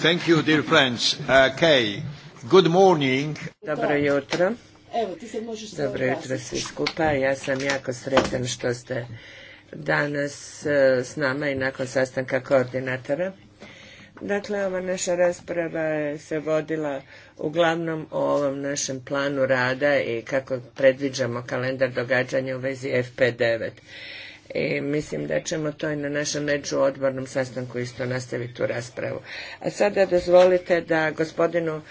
Thank you, dear uh, Good morning. Dobro jutro. Evo, ti se možeš Dobro jutro svi skupa. Ja sam jako sretan što ste danas e, s nama i nakon sastanka koordinatora. Dakle, ova naša rasprava se vodila uglavnom o ovom našem planu rada i kako predviđamo kalendar događanja u vezi FP9 i mislim da ćemo to i na našem međuodbornom sastanku isto nastaviti tu raspravu. A sada dozvolite da gospodinu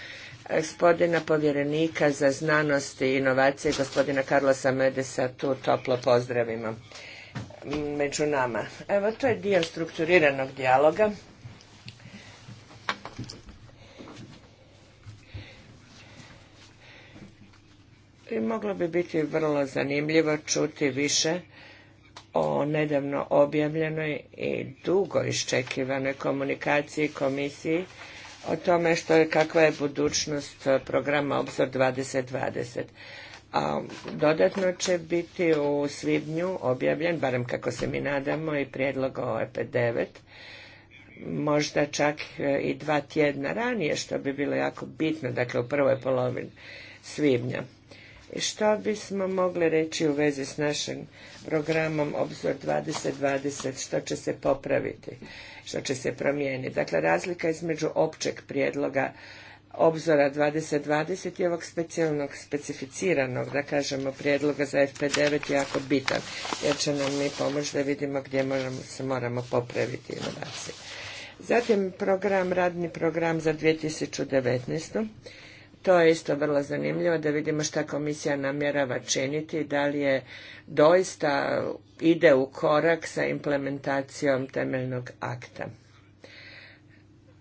gospodina povjerenika za znanost i inovacije, gospodina Karlosa Medesa, tu toplo pozdravimo među nama. Evo, to je dio strukturiranog dijaloga. I moglo bi biti vrlo zanimljivo čuti više o nedavno objavljenoj i dugo iščekivanoj komunikaciji komisiji o tome što je, kakva je budućnost programa Obzor 2020. A dodatno će biti u svibnju objavljen, barem kako se mi nadamo, i prijedlog OEP9, možda čak e, i dva tjedna ranije, što bi bilo jako bitno, dakle u prvoj polovini svibnja. I što bismo mogli reći u vezi s našim programom Obzor 2020, što će se popraviti, što će se promijeniti. Dakle, razlika između općeg prijedloga obzora 2020 i ovog specijalnog, specificiranog, da kažemo, prijedloga za FP9 je jako bitan, jer će nam mi pomoći da vidimo gdje se moramo popraviti inovacije. Zatim program, radni program za 2019. To je isto vrlo zanimljivo da vidimo šta komisija namjerava činiti, da li je doista ide u korak sa implementacijom temeljnog akta.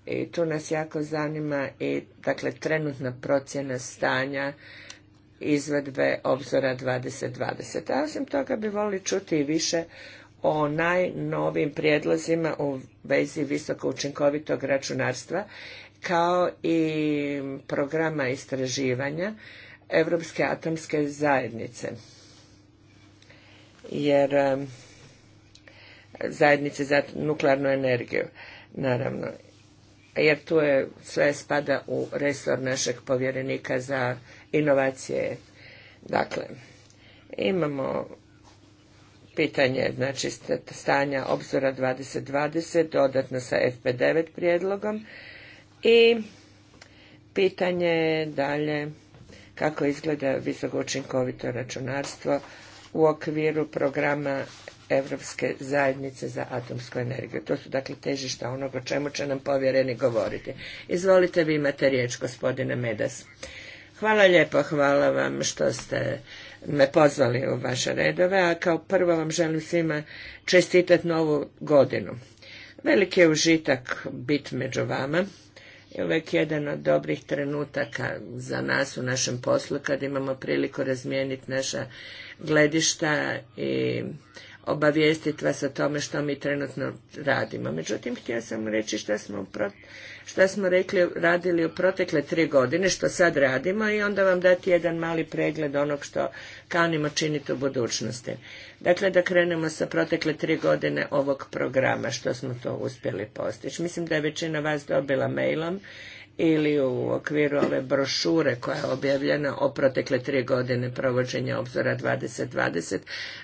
I tu nas jako zanima i dakle trenutna procjena stanja izvedbe obzora 2020. A osim toga bi volili čuti i više o najnovim prijedlozima u vezi visoko učinkovitog računarstva kao i programa istraživanja Europske atomske zajednice. Jer zajednice za nuklearnu energiju, naravno. Jer tu je sve spada u resor našeg povjerenika za inovacije. Dakle, imamo pitanje znači stanja obzora 2020 dodatno sa FP9 prijedlogom i pitanje je dalje kako izgleda visoko učinkovito računarstvo u okviru programa Evropske zajednice za atomsku energiju. To su dakle težišta onog o čemu će nam povjereni govoriti. Izvolite, vi imate riječ, gospodine Medas. Hvala lijepo, hvala vam što ste me pozvali u vaše redove, a kao prvo vam želim svima čestitati novu godinu. Veliki je užitak biti među vama je jedan od dobrih trenutaka za nas u našem poslu kad imamo priliku razmijeniti naša gledišta i obavijestiti vas o tome što mi trenutno radimo. Međutim, htio sam reći što smo, što smo rekli, radili u protekle tri godine, što sad radimo i onda vam dati jedan mali pregled onog što kanimo činiti u budućnosti. Dakle, da krenemo sa protekle tri godine ovog programa, što smo to uspjeli postići. Mislim da je većina vas dobila mailom ili u okviru ove brošure koja je objavljena o protekle tri godine provođenja obzora 2020,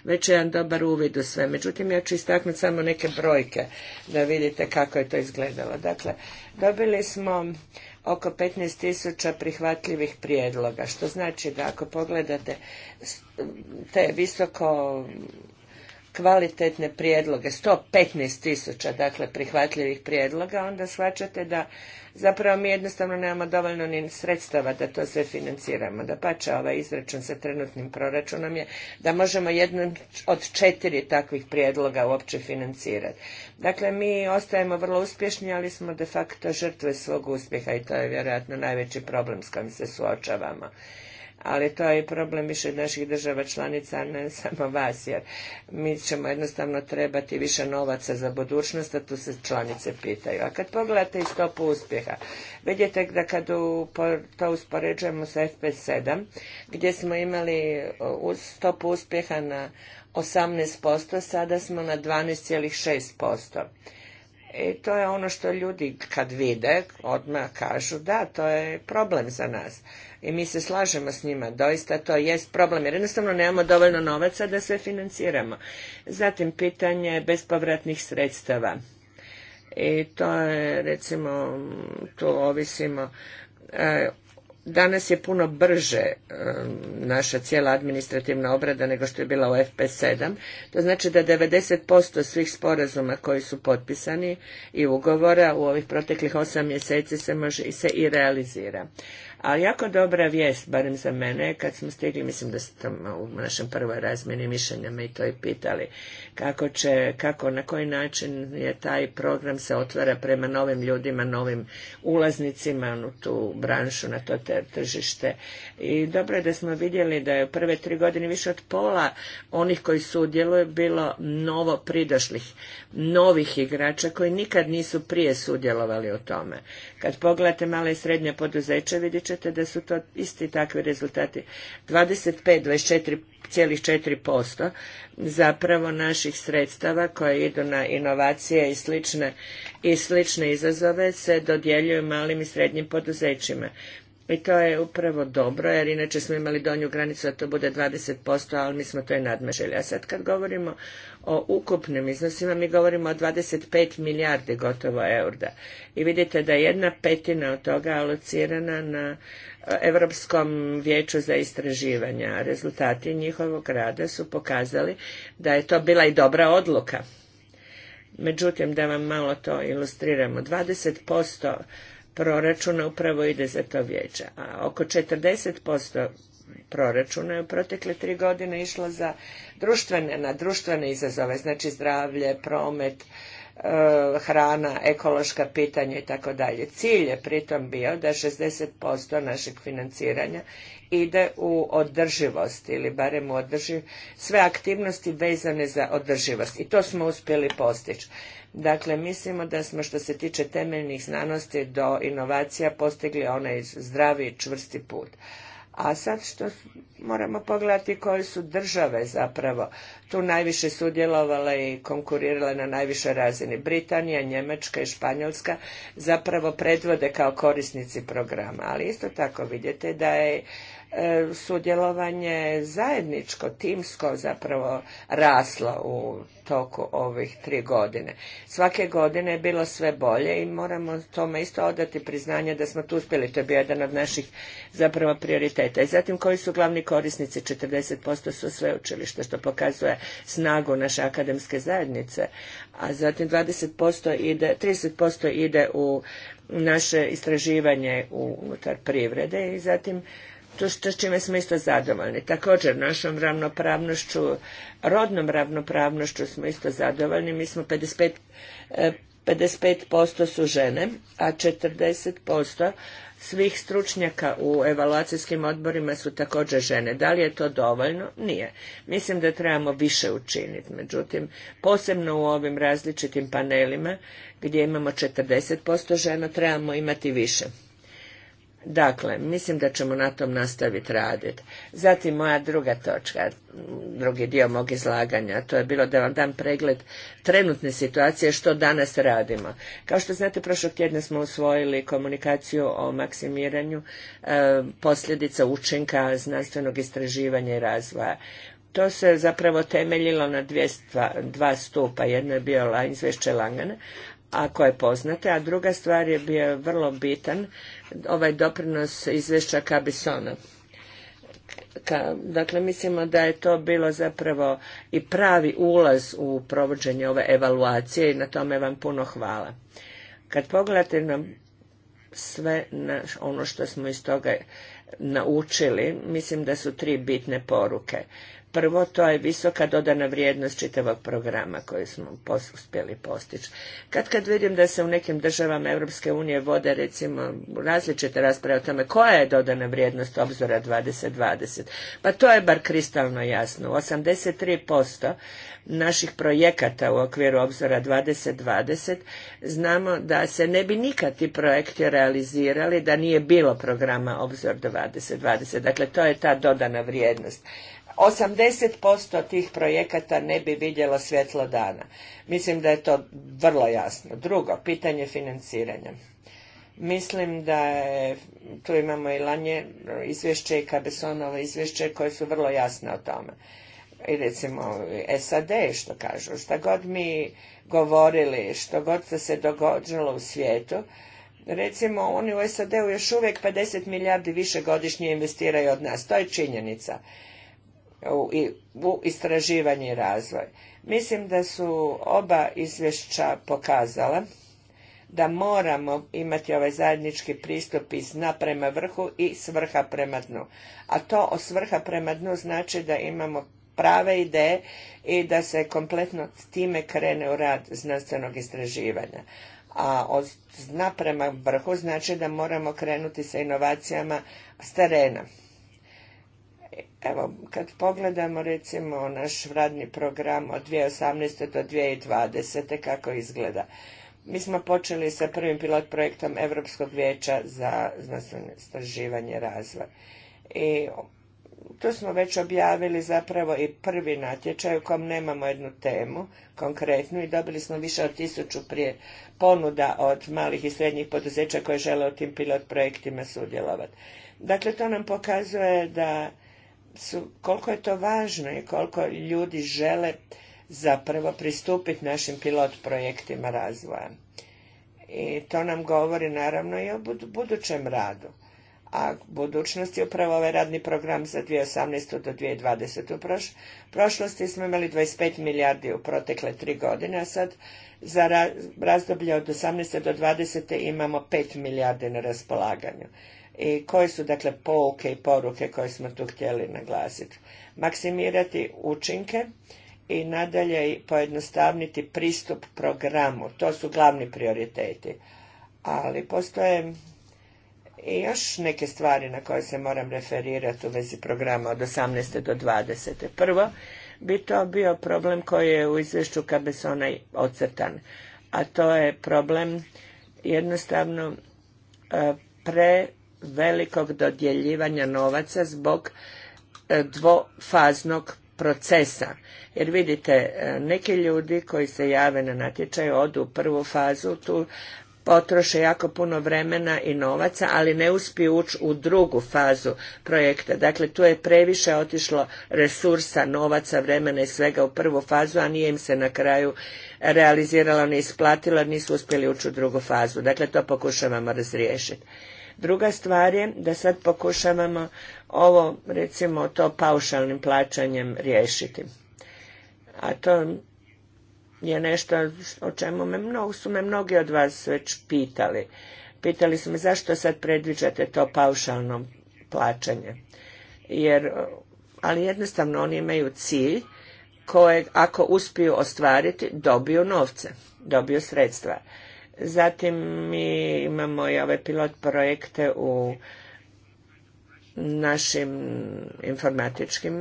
već je jedan dobar uvid u sve. Međutim, ja ću istaknuti samo neke brojke da vidite kako je to izgledalo. Dakle, dobili smo oko 15.000 prihvatljivih prijedloga, što znači da ako pogledate te visoko kvalitetne prijedloge, 115 tisuća dakle prihvatljivih prijedloga, onda shvaćate da zapravo mi jednostavno nemamo dovoljno ni sredstava da to sve financiramo. Da pače ovaj izračun sa trenutnim proračunom je da možemo jednu od četiri takvih prijedloga uopće financirati. Dakle, mi ostajemo vrlo uspješni, ali smo de facto žrtve svog uspjeha i to je vjerojatno najveći problem s kojim se suočavamo ali to je problem više naših država članica, ne samo vas, jer mi ćemo jednostavno trebati više novaca za budućnost, a tu se članice pitaju. A kad pogledate i stopu uspjeha, vidite da kad to uspoređujemo sa FP7, gdje smo imali stopu uspjeha na 18%, sada smo na 12,6%. I to je ono što ljudi kad vide, odmah kažu da, to je problem za nas i mi se slažemo s njima, doista to jest problem, jer jednostavno nemamo dovoljno novaca da sve financiramo. Zatim pitanje bespovratnih sredstava. I to je, recimo, tu ovisimo. E, danas je puno brže e, naša cijela administrativna obrada nego što je bila u FP7. To znači da 90% svih sporazuma koji su potpisani i ugovora u ovih proteklih 8 mjeseci se može se i realizira. Ali jako dobra vijest, barem za mene, kad smo stigli, mislim da ste u našem prvoj razmjeni mišljenja mi i to i pitali, kako će, kako, na koji način je taj program se otvara prema novim ljudima, novim ulaznicima u tu branšu, na to tržište. I dobro je da smo vidjeli da je u prve tri godine više od pola onih koji sudjeluju bilo novo pridošlih, novih igrača koji nikad nisu prije sudjelovali u tome. Kad pogledate male i srednje poduzeće, vidjet ćete da su to isti takvi rezultati. 25, 24,4% zapravo naših sredstava koje idu na inovacije i slične, i slične izazove se dodjeljuju malim i srednjim poduzećima. I to je upravo dobro, jer inače smo imali donju granicu da to bude 20%, ali mi smo to i nadmašili. A sad kad govorimo o ukupnim iznosima, mi govorimo o 25 milijardi gotovo eura. I vidite da je jedna petina od toga alocirana na e, Europskom vijeću za istraživanja. Rezultati njihovog rada su pokazali da je to bila i dobra odluka. Međutim, da vam malo to ilustriramo, 20% proračuna upravo ide za to vijeće, a oko 40% proračuna je u protekle tri godine išlo za društvene, na društvene izazove, znači zdravlje, promet, e, hrana, ekološka pitanja i tako dalje. Cilj je pritom bio da 60% našeg financiranja ide u održivost ili barem u održiv, sve aktivnosti vezane za održivost i to smo uspjeli postići. Dakle, mislimo da smo što se tiče temeljnih znanosti do inovacija postigli onaj zdravi i čvrsti put. A sad što moramo pogledati koje su države zapravo tu najviše sudjelovale i konkurirale na najvišoj razini. Britanija, Njemačka i Španjolska zapravo predvode kao korisnici programa, ali isto tako vidite da je E, sudjelovanje zajedničko, timsko zapravo raslo u toku ovih tri godine. Svake godine je bilo sve bolje i moramo tome isto odati priznanje da smo tu uspjeli. To je bio jedan od naših zapravo prioriteta. I zatim koji su glavni korisnici? 40% su sveučilište što pokazuje snagu naše akademske zajednice. A zatim 20% ide, 30% ide u naše istraživanje unutar privrede i zatim s čime smo isto zadovoljni. Također našom ravnopravnošću, rodnom ravnopravnošću smo isto zadovoljni. Mi smo 55, 55% e, su žene, a 40% svih stručnjaka u evaluacijskim odborima su također žene. Da li je to dovoljno? Nije. Mislim da trebamo više učiniti. Međutim, posebno u ovim različitim panelima gdje imamo 40% žena trebamo imati više. Dakle, mislim da ćemo na tom nastaviti raditi. Zatim moja druga točka, drugi dio mog izlaganja, to je bilo da vam dam pregled trenutne situacije što danas radimo. Kao što znate, prošlog tjedna smo usvojili komunikaciju o maksimiranju e, posljedica učinka znanstvenog istraživanja i razvoja. To se zapravo temeljilo na dva stupa. Jedno je bio izvješće Langana, ako je poznate, a druga stvar je bio vrlo bitan, ovaj doprinos izvješća Kabisona. Ka, dakle, mislimo da je to bilo zapravo i pravi ulaz u provođenje ove evaluacije i na tome vam puno hvala. Kad pogledate sve ono što smo iz toga naučili, mislim da su tri bitne poruke. Prvo, to je visoka dodana vrijednost čitavog programa koji smo uspjeli postići. Kad kad vidim da se u nekim državama Europske unije vode recimo različite rasprave o tome koja je dodana vrijednost obzora 2020, pa to je bar kristalno jasno. U 83% naših projekata u okviru obzora 2020 znamo da se ne bi nikad ti projekti realizirali da nije bilo programa obzor 2020. Dakle, to je ta dodana vrijednost 80% tih projekata ne bi vidjelo svjetlo dana. Mislim da je to vrlo jasno. Drugo, pitanje financiranja. Mislim da je, tu imamo i Lanje izvješće i Kabesonovo izvješće koje su vrlo jasne o tome. I recimo SAD što kažu, šta god mi govorili, što god se dogodilo u svijetu, recimo oni u SAD-u još uvijek 50 milijardi više godišnje investiraju od nas. To je činjenica u istraživanje i razvoj. Mislim da su oba izvješća pokazala da moramo imati ovaj zajednički pristup iz dna prema vrhu i svrha prema dnu. A to od svrha prema dnu znači da imamo prave ideje i da se kompletno time krene u rad znanstvenog istraživanja. A od dna prema vrhu znači da moramo krenuti sa inovacijama s terena. Evo, kad pogledamo recimo naš radni program od 2018. do 2020. kako izgleda. Mi smo počeli sa prvim pilot projektom Europskog vijeća za znanstveno istraživanje razvoja. I tu smo već objavili zapravo i prvi natječaj u kom nemamo jednu temu konkretnu i dobili smo više od tisuću prije ponuda od malih i srednjih poduzeća koje žele u tim pilot projektima sudjelovati. Dakle, to nam pokazuje da su, koliko je to važno i koliko ljudi žele zapravo pristupiti našim pilot projektima razvoja. I to nam govori naravno i o budućem radu. A budućnost je upravo ovaj radni program za 2018. do 2020. U prošlosti smo imali 25 milijardi u protekle tri godine, a sad za razdoblje od 18. do 20. imamo 5 milijardi na raspolaganju i koje su dakle pouke i poruke koje smo tu htjeli naglasiti. Maksimirati učinke i nadalje pojednostavniti pristup programu. To su glavni prioriteti. Ali postoje i još neke stvari na koje se moram referirati u vezi programa od 18. do 20. Prvo bi to bio problem koji je u izvješću onaj ocrtan, a to je problem jednostavno e, pre velikog dodjeljivanja novaca zbog e, dvofaznog procesa. Jer vidite, e, neki ljudi koji se jave na natječaj odu u prvu fazu, tu potroše jako puno vremena i novaca, ali ne uspiju ući u drugu fazu projekta. Dakle, tu je previše otišlo resursa, novaca, vremena i svega u prvu fazu, a nije im se na kraju realizirala, ni isplatila, nisu uspjeli ući u drugu fazu. Dakle, to pokušavamo razriješiti. Druga stvar je da sad pokušavamo ovo, recimo, to paušalnim plaćanjem riješiti. A to je nešto o čemu me su me mnogi od vas već pitali. Pitali su me zašto sad predviđate to paušalno plaćanje. Jer, ali jednostavno oni imaju cilj koje ako uspiju ostvariti dobiju novce, dobiju sredstva. Zatim mi imamo i ove pilot projekte u našim informatičkim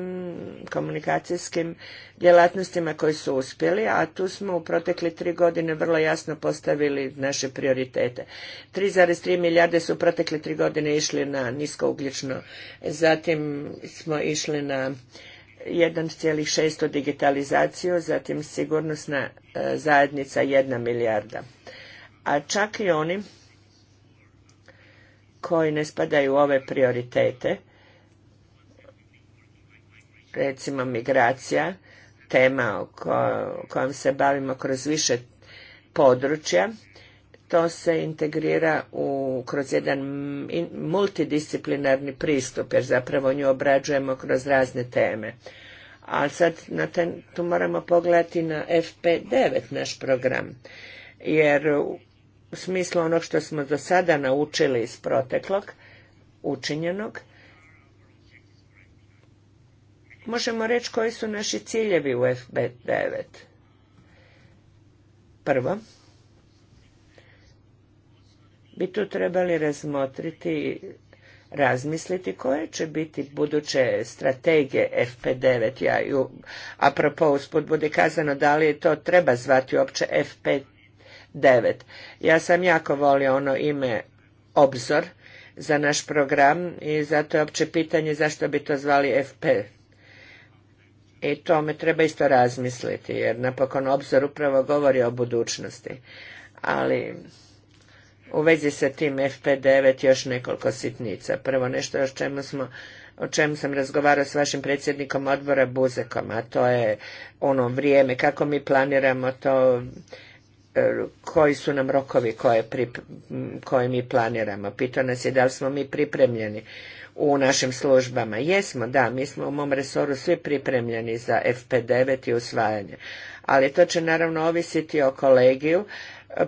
komunikacijskim djelatnostima koji su uspjeli, a tu smo u protekle tri godine vrlo jasno postavili naše prioritete. 3,3 milijarde su u protekle tri godine išli na niskougljično, zatim smo išli na 1,6 digitalizaciju, zatim sigurnosna e, zajednica 1 milijarda a čak i oni koji ne spadaju u ove prioritete, recimo migracija, tema o kojom se bavimo kroz više područja, to se integrira u, kroz jedan multidisciplinarni pristup, jer zapravo nju obrađujemo kroz razne teme. A sad na ten, tu moramo pogledati na FP9 naš program, jer u smislu onog što smo do sada naučili iz proteklog, učinjenog, možemo reći koji su naši ciljevi u FB9. Prvo, bi tu trebali razmotriti razmisliti koje će biti buduće strategije FP9. Ja apropo, usput bude kazano da li to treba zvati uopće FP9 9. Ja sam jako volio ono ime Obzor za naš program i zato je opće pitanje zašto bi to zvali FP. I tome treba isto razmisliti jer napokon Obzor upravo govori o budućnosti. Ali u vezi sa tim FP9 još nekoliko sitnica. Prvo nešto o čemu smo o čemu sam razgovarao s vašim predsjednikom odbora Buzekom, a to je ono vrijeme, kako mi planiramo to E, koji su nam rokovi koje, koje mi planiramo. Pita nas je da li smo mi pripremljeni u našim službama. Jesmo, da, mi smo u mom resoru svi pripremljeni za FP9 i usvajanje. Ali to će naravno ovisiti o kolegiju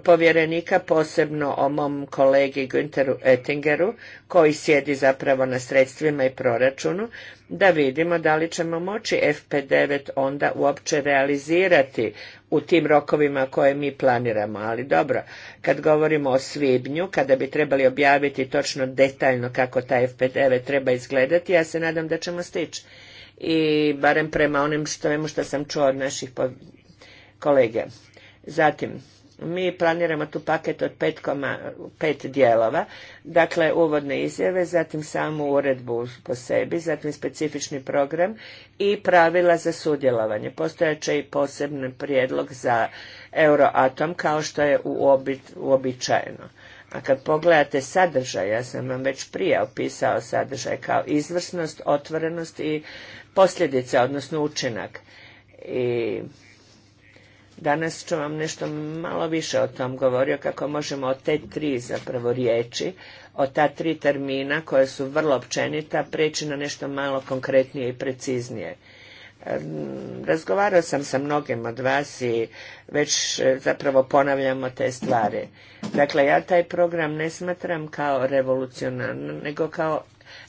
povjerenika, posebno o mom kolegi Günteru Ettingeru, koji sjedi zapravo na sredstvima i proračunu, da vidimo da li ćemo moći FP9 onda uopće realizirati u tim rokovima koje mi planiramo. Ali dobro, kad govorimo o svibnju, kada bi trebali objaviti točno detaljno kako ta FP9 treba izgledati, ja se nadam da ćemo stići. I barem prema onim što, što sam čuo od naših kolege. Zatim, mi planiramo tu paket od pet, koma, dijelova, dakle uvodne izjave, zatim samu uredbu po sebi, zatim specifični program i pravila za sudjelovanje. će i posebni prijedlog za Euroatom kao što je uobičajeno. A kad pogledate sadržaj, ja sam vam već prije opisao sadržaj kao izvrsnost, otvorenost i posljedice, odnosno učinak. I Danas ću vam nešto malo više o tom govorio, kako možemo o te tri zapravo riječi, o ta tri termina koje su vrlo općenita, preći na nešto malo konkretnije i preciznije. Razgovarao sam sa mnogim od vas i već e, zapravo ponavljamo te stvari. Dakle, ja taj program ne smatram kao revolucionarno, nego kao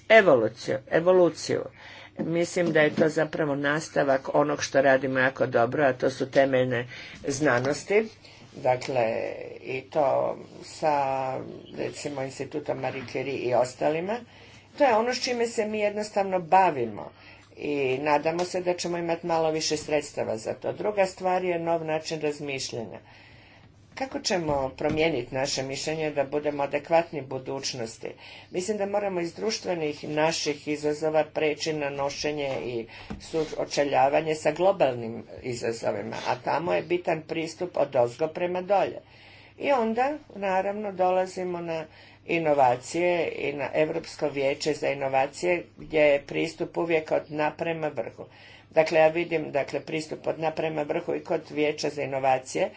evoluciju. evoluciju. Mislim da je to zapravo nastavak onog što radimo jako dobro, a to su temeljne znanosti. Dakle, i to sa, recimo, institutom Marie i ostalima. To je ono s čime se mi jednostavno bavimo i nadamo se da ćemo imati malo više sredstava za to. Druga stvar je nov način razmišljanja. Kako ćemo promijeniti naše mišljenje da budemo adekvatni budućnosti? Mislim da moramo iz društvenih naših izazova preći na nošenje i očeljavanje sa globalnim izazovima, a tamo je bitan pristup od ozgo prema dolje. I onda, naravno, dolazimo na inovacije i na Europsko vijeće za inovacije gdje je pristup uvijek od naprema prema vrhu. Dakle, ja vidim dakle, pristup od naprema vrhu i kod vijeća za inovacije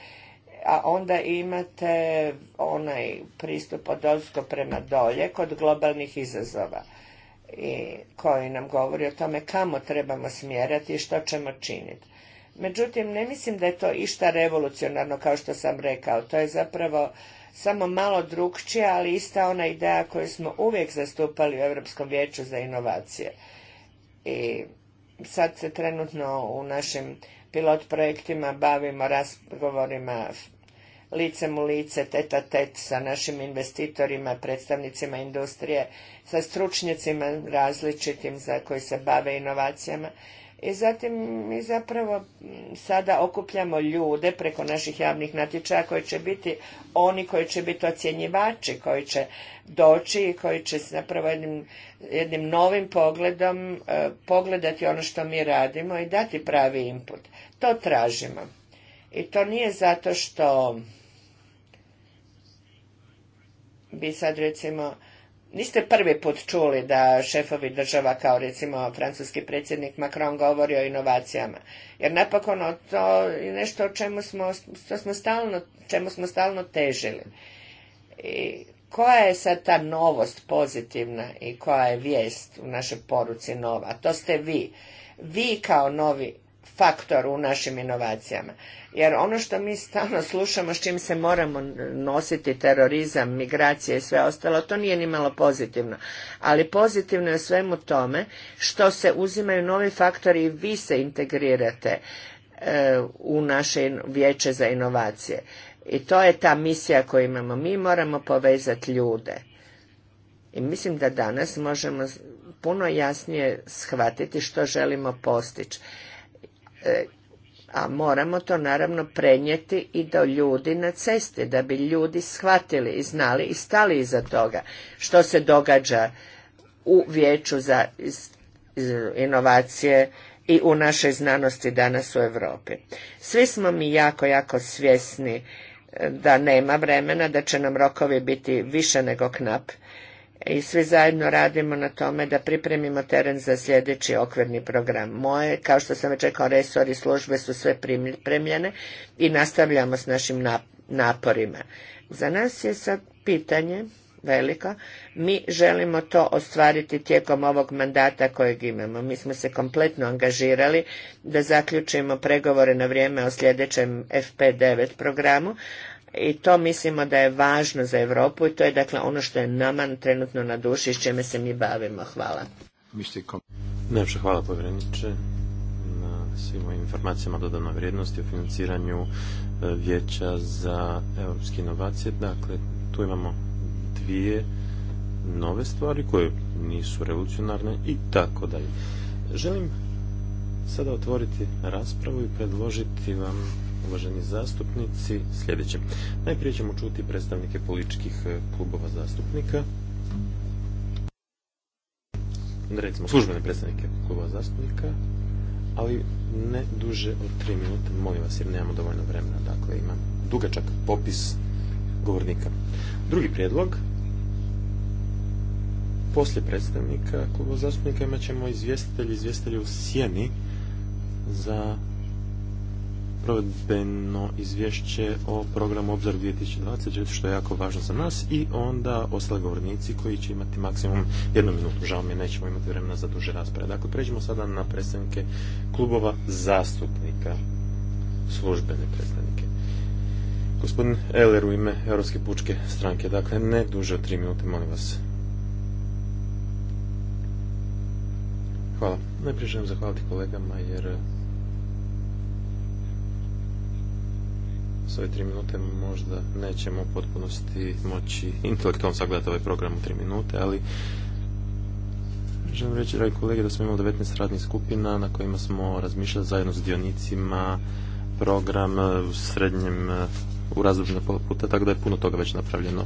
a onda imate onaj pristup od prema dolje kod globalnih izazova i koji nam govori o tome kamo trebamo smjerati i što ćemo činiti. Međutim, ne mislim da je to išta revolucionarno kao što sam rekao. To je zapravo samo malo drukčija, ali ista ona ideja koju smo uvijek zastupali u Europskom vijeću za inovacije. I sad se trenutno u našem pilot projektima bavimo razgovorima licem u lice, teta tet sa našim investitorima, predstavnicima industrije, sa stručnjacima različitim za koji se bave inovacijama i zatim mi zapravo mm, sada okupljamo ljude preko naših javnih natječaja koji će biti oni koji će biti ocjenjivači, koji će doći i koji će zapravo jednim, jednim novim pogledom e, pogledati ono što mi radimo i dati pravi input. To tražimo. I to nije zato što bi sad recimo niste prvi put čuli da šefovi država kao recimo francuski predsjednik Macron govori o inovacijama. Jer napokon to je nešto o čemu smo, što smo stalno, čemu smo stalno težili. I koja je sad ta novost pozitivna i koja je vijest u našoj poruci nova? To ste vi. Vi kao novi faktor u našim inovacijama. Jer ono što mi stalno slušamo, s čim se moramo nositi, terorizam, migracije i sve ostalo, to nije ni malo pozitivno. Ali pozitivno je svemu tome što se uzimaju novi faktori i vi se integrirate e, u naše vijeće za inovacije. I to je ta misija koju imamo. Mi moramo povezati ljude. I mislim da danas možemo puno jasnije shvatiti što želimo postići E, a moramo to naravno prenijeti i do ljudi na cesti, da bi ljudi shvatili i znali i stali iza toga što se događa u vijeću za inovacije i u našoj znanosti danas u Europi. Svi smo mi jako, jako svjesni e, da nema vremena, da će nam rokovi biti više nego knap i svi zajedno radimo na tome da pripremimo teren za sljedeći okvirni program. Moje, kao što sam već rekao, resori službe su sve pripremljene i nastavljamo s našim naporima. Za nas je sad pitanje veliko. Mi želimo to ostvariti tijekom ovog mandata kojeg imamo. Mi smo se kompletno angažirali da zaključimo pregovore na vrijeme o sljedećem FP9 programu, i to mislimo da je važno za Europu i to je dakle ono što je nama trenutno na duši i s čime se mi bavimo. Hvala. ne hvala povjereniče na svim ovim informacijama dodanoj vrijednosti o financiranju e, vijeća za evropske inovacije. Dakle, tu imamo dvije nove stvari koje nisu revolucionarne i tako dalje. Želim sada otvoriti raspravu i predložiti vam uvaženi zastupnici sljedeće. Najprije ćemo čuti predstavnike političkih e, klubova zastupnika. Recimo službene predstavnike klubova zastupnika, ali ne duže od tri minute, molim vas, jer nemamo dovoljno vremena. Dakle, imam dugačak popis govornika. Drugi prijedlog, poslije predstavnika kluba zastupnika imat ćemo izvjestitelji, izvjestitelji u sjeni za provedbeno izvješće o programu Obzor 2020, što je jako važno za nas i onda ostale govornici koji će imati maksimum jednu minutu. Žao mi je, nećemo imati vremena za duže rasprave. Dakle, pređemo sada na predstavnike klubova zastupnika, službene predstavnike. Gospodin Eler, u ime Europske pučke stranke, dakle, ne duže od tri minute, molim vas. Hvala. Najprije želim zahvaliti kolegama jer s ove tri minute možda nećemo u potpunosti moći intelektualno sagledati ovaj program u tri minute, ali želim reći, dragi kolege, da smo imali 19 radnih skupina na kojima smo razmišljali zajedno s dionicima program e, u srednjem e, u razdoblju na pola puta, tako da je puno toga već napravljeno.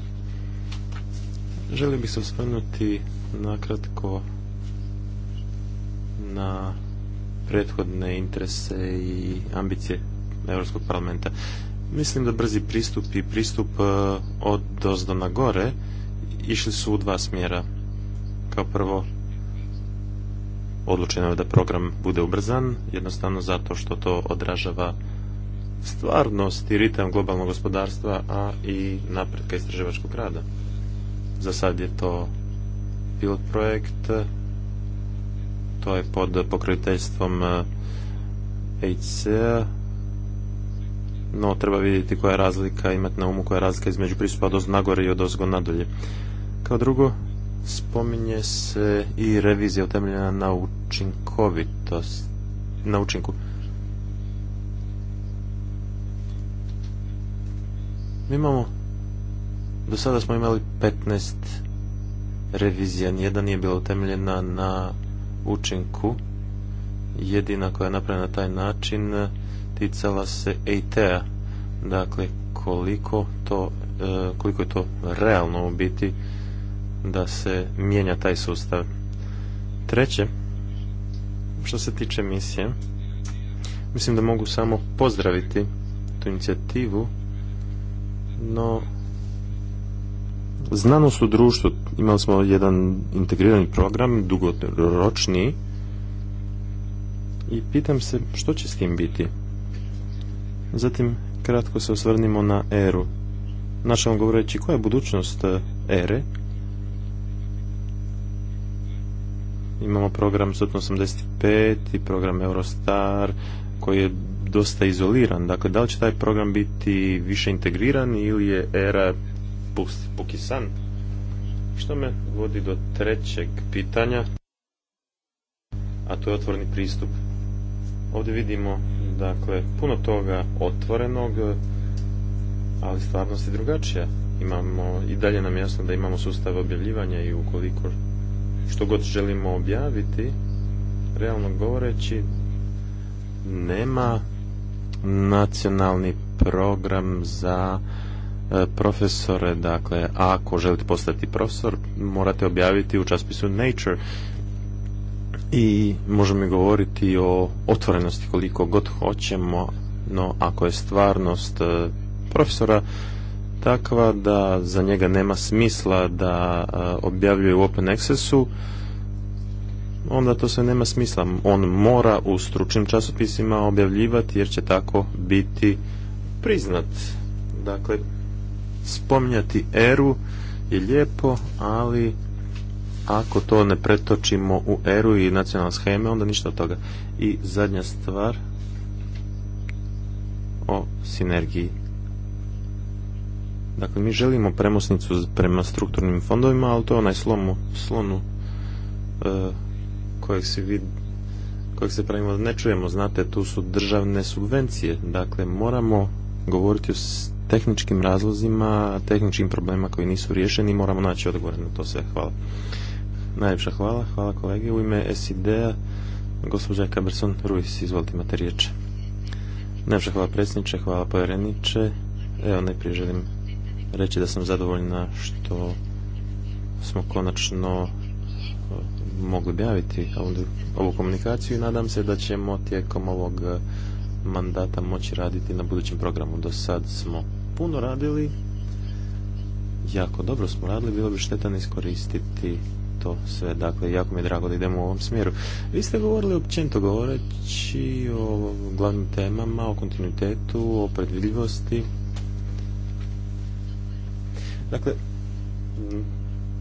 Želim bih se osvrnuti nakratko na prethodne interese i ambicije Europskog parlamenta. Mislim da brzi pristup i pristup e, od dozdo na gore išli su u dva smjera. Kao prvo, odlučeno je da program bude ubrzan, jednostavno zato što to odražava stvarnost i ritam globalnog gospodarstva, a i napretka istraživačkog rada. Za sad je to pilot projekt, to je pod pokroviteljstvom e, a no treba vidjeti koja je razlika, imati na umu koja je razlika između pristupa od nagore i od ozgo nadolje. Kao drugo, spominje se i revizija utemljena na učinkovitost, na učinku. Mi imamo, do sada smo imali 15 revizija, Nijedna nije bila utemljena na učinku, jedina koja je napravljena na taj način ticala se EIT-a. Dakle, koliko, to, e, koliko je to realno u biti da se mijenja taj sustav. Treće, što se tiče misije, mislim da mogu samo pozdraviti tu inicijativu, no znanost u društvu, imali smo jedan integrirani program, dugoročniji, i pitam se što će s tim biti Zatim, kratko se osvrnimo na eru. vam govoreći, koja je budućnost e, ere? Imamo program 185 i program Eurostar koji je dosta izoliran. Dakle, da li će taj program biti više integriran ili je era pokisan? Što me vodi do trećeg pitanja, a to je otvorni pristup. Ovdje vidimo Dakle, puno toga otvorenog, ali stvarnost je drugačija. Imamo, i dalje nam jasno da imamo sustav objavljivanja i ukoliko što god želimo objaviti, realno govoreći, nema nacionalni program za e, profesore, dakle, ako želite postati profesor, morate objaviti u časpisu Nature i možemo govoriti o otvorenosti koliko god hoćemo, no ako je stvarnost e, profesora takva da za njega nema smisla da e, objavljuje u Open Accessu, onda to sve nema smisla. On mora u stručnim časopisima objavljivati jer će tako biti priznat. Dakle, spominjati eru je lijepo, ali ako to ne pretočimo u eru i nacionalne scheme, onda ništa od toga. I zadnja stvar o sinergiji. Dakle, mi želimo premosnicu prema strukturnim fondovima, ali to je onaj slonu, slonu e, kojeg se vidi kojeg se pravimo ne čujemo, znate, tu su državne subvencije, dakle moramo govoriti o tehničkim razlozima, tehničkim problema koji nisu riješeni i moramo naći odgovore na to sve. Hvala. Najljepša hvala, hvala kolege. U ime SID-a, gospođa Kaberson Ruiz, izvolite imate riječ. Najljepša hvala predsjedniče, hvala povjereniče. Evo, najprije želim reći da sam zadovoljna što smo konačno eh, mogli objaviti ovu, komunikaciju i nadam se da ćemo tijekom ovog eh, mandata moći raditi na budućem programu. Do sad smo puno radili, jako dobro smo radili, bilo bi štetan iskoristiti to sve. Dakle, jako mi je drago da idemo u ovom smjeru. Vi ste govorili općenito govoreći o glavnim temama, o kontinuitetu, o predvidljivosti. Dakle,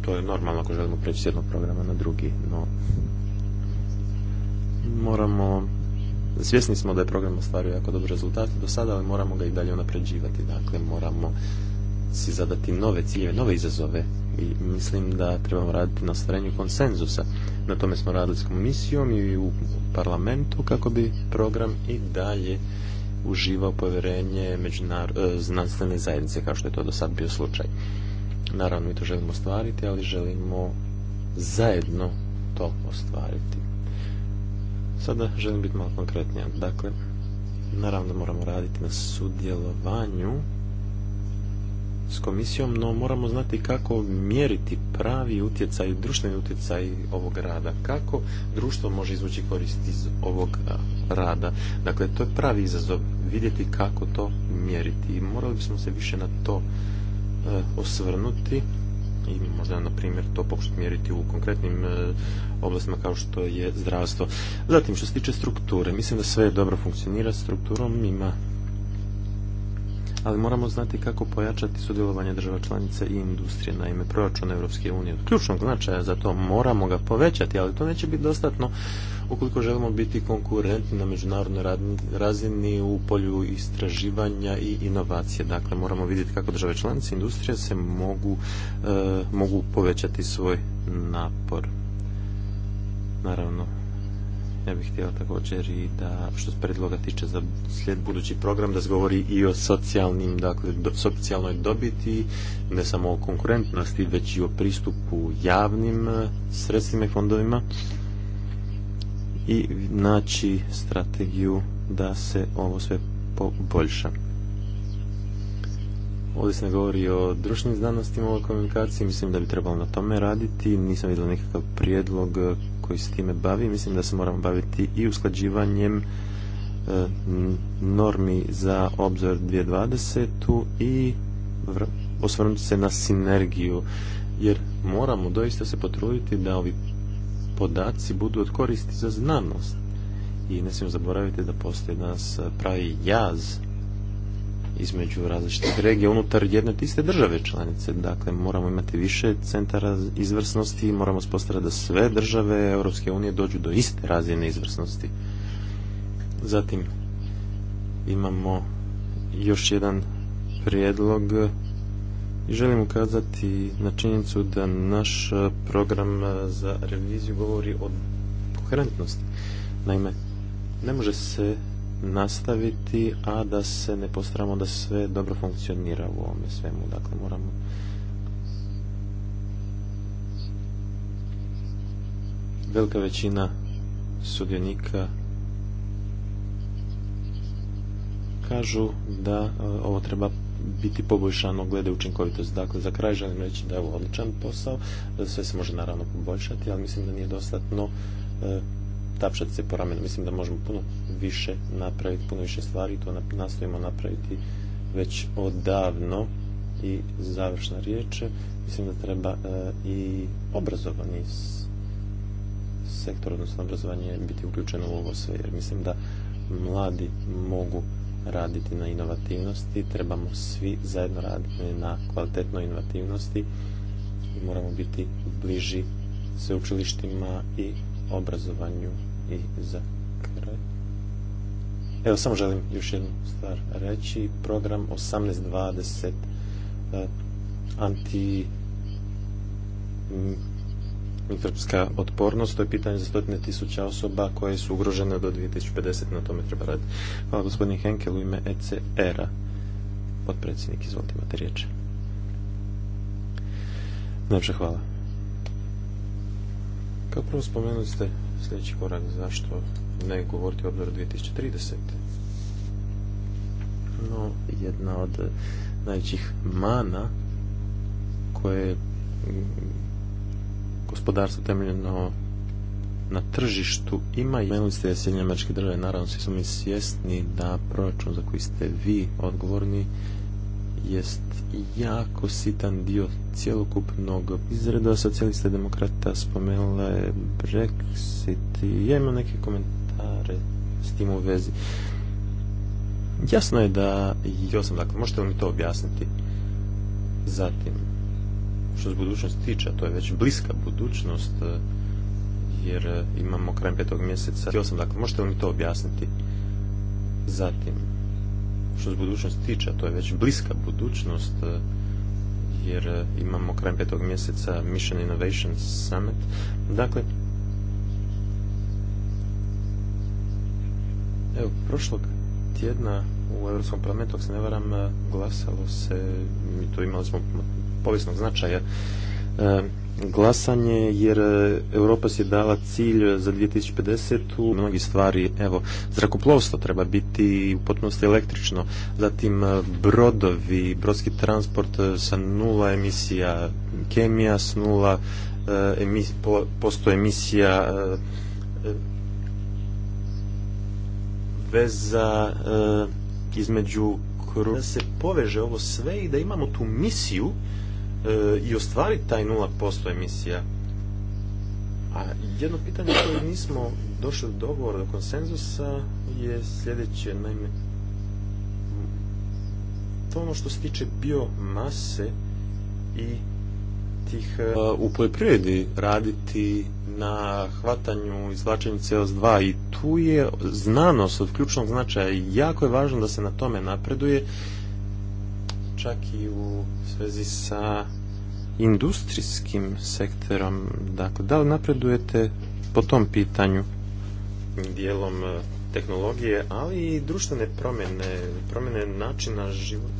to je normalno ako želimo preći s jednog programa na drugi, no moramo svjesni smo da je program ostvario jako dobre rezultate do sada, ali moramo ga i dalje unapređivati. Dakle, moramo si zadati nove ciljeve, nove izazove i mislim da trebamo raditi na stvaranju konsenzusa. Na tome smo radili s komisijom i u parlamentu kako bi program i dalje uživao povjerenje e, znanstvene zajednice kao što je to do sad bio slučaj. Naravno mi to želimo ostvariti, ali želimo zajedno to ostvariti. Sada želim biti malo konkretnija. Dakle, naravno moramo raditi na sudjelovanju s komisijom, no moramo znati kako mjeriti pravi utjecaj, društveni utjecaj ovog rada, kako društvo može izvući korist iz ovog rada. Dakle, to je pravi izazov, vidjeti kako to mjeriti. I morali bismo se više na to e, osvrnuti i možda na primjer to pokušati mjeriti u konkretnim e, oblastima kao što je zdravstvo. Zatim što se tiče strukture, mislim da sve dobro funkcionira strukturom, ima ali moramo znati kako pojačati sudjelovanje država članica i industrije. Naime, proračun Europske unije od ključnog značaja za to moramo ga povećati, ali to neće biti dostatno ukoliko želimo biti konkurentni na međunarodnoj razini u polju istraživanja i inovacije. Dakle, moramo vidjeti kako države članice i industrije se mogu, e, mogu povećati svoj napor. Naravno, ja bih htjela također i da, što se predloga tiče za slijed budući program, da se govori i o socijalnim, dakle, do, socijalnoj dobiti, ne samo o konkurentnosti, već i o pristupu javnim e, sredstvima i fondovima i naći strategiju da se ovo sve poboljša. Ovdje se ne govori o društvenim znanostima o komunikaciji, mislim da bi trebalo na tome raditi. Nisam vidio nekakav prijedlog koji se time bavi. Mislim da se moramo baviti i usklađivanjem e, normi za obzor 2020 i osvrnuti se na sinergiju jer moramo doista se potruditi da ovi podaci budu od koristi za znanost i ne smijemo zaboraviti da postoji nas pravi jaz između različitih regija unutar jedne iste države članice. Dakle, moramo imati više centara izvrsnosti i moramo spostaviti da sve države Europske unije dođu do iste razine izvrsnosti. Zatim imamo još jedan prijedlog i želim ukazati na činjenicu da naš program za reviziju govori o koherentnosti. Naime, ne može se nastaviti, a da se ne postaramo da sve dobro funkcionira u ovome svemu. Dakle, moramo velika većina sudionika kažu da e, ovo treba biti poboljšano glede učinkovitosti. Dakle, za kraj želim reći da je ovo odličan posao, sve se može naravno poboljšati, ali mislim da nije dostatno e, tapšati se po Mislim da možemo puno više napraviti, puno više stvari, to nastojimo napraviti već odavno i završna riječ. Mislim da treba e, i obrazovani sektor, odnosno obrazovanje biti uključeno u ovo sve, jer mislim da mladi mogu raditi na inovativnosti, trebamo svi zajedno raditi na kvalitetnoj inovativnosti moramo biti bliži sveučilištima i obrazovanju i za kraj. Evo, samo želim još jednu stvar reći. Program 18.20 e, anti mikrobska otpornost, to je pitanje za stotine tisuća osoba koje su ugrožene do 2050, na tome treba raditi. Hvala gospodin Henkel u ime ECR-a. Potpredsjednik, izvolite, imate riječ. hvala. Kako prvo spomenuli ste sljedeći korak, zašto ne govoriti o obzoru 2030. No, jedna od najvećih mana koje gospodarstvo temeljeno na tržištu ima i menuli ste Sjedinje američke države, naravno svi smo mi svjesni da proračun za koji ste vi odgovorni jest jako sitan dio cjelokupnog izreda socijalista demokrata spomenula je Brexit i ja imam neke komentare s tim u vezi jasno je da još sam dakle možete li mi to objasniti zatim što se budućnosti tiče to je već bliska budućnost jer imamo krajem petog mjeseca htio sam dakle možete li mi to objasniti zatim što se budućnosti tiče, a to je već bliska budućnost, e, jer e, imamo krajem petog mjeseca Mission Innovation Summit. Dakle, evo, prošlog tjedna u Europskom parlamentu, ako se ne varam, e, glasalo se, mi to imali smo povijesnog značaja, glasanje jer e, Europa si je dala cilj za 2050 u mnogi stvari evo zrakoplovstvo treba biti u potpunosti električno zatim e, brodovi brodski transport e, sa nula emisija kemija s nula emis, posto emisija veza između da se poveže ovo sve i da imamo tu misiju E, i ostvariti taj 0% emisija. A jedno pitanje koje nismo došli do dogovora, do konsenzusa je sljedeće, naime, to ono što se tiče biomase i tih... E, e, u poljoprivredi raditi na hvatanju, izvlačenju CO2 i tu je znanost od ključnog značaja i jako je važno da se na tome napreduje čak i u svezi sa industrijskim sektorom. Dakle, da li napredujete po tom pitanju? Dijelom e, tehnologije, ali i društvene promjene, promjene načina života,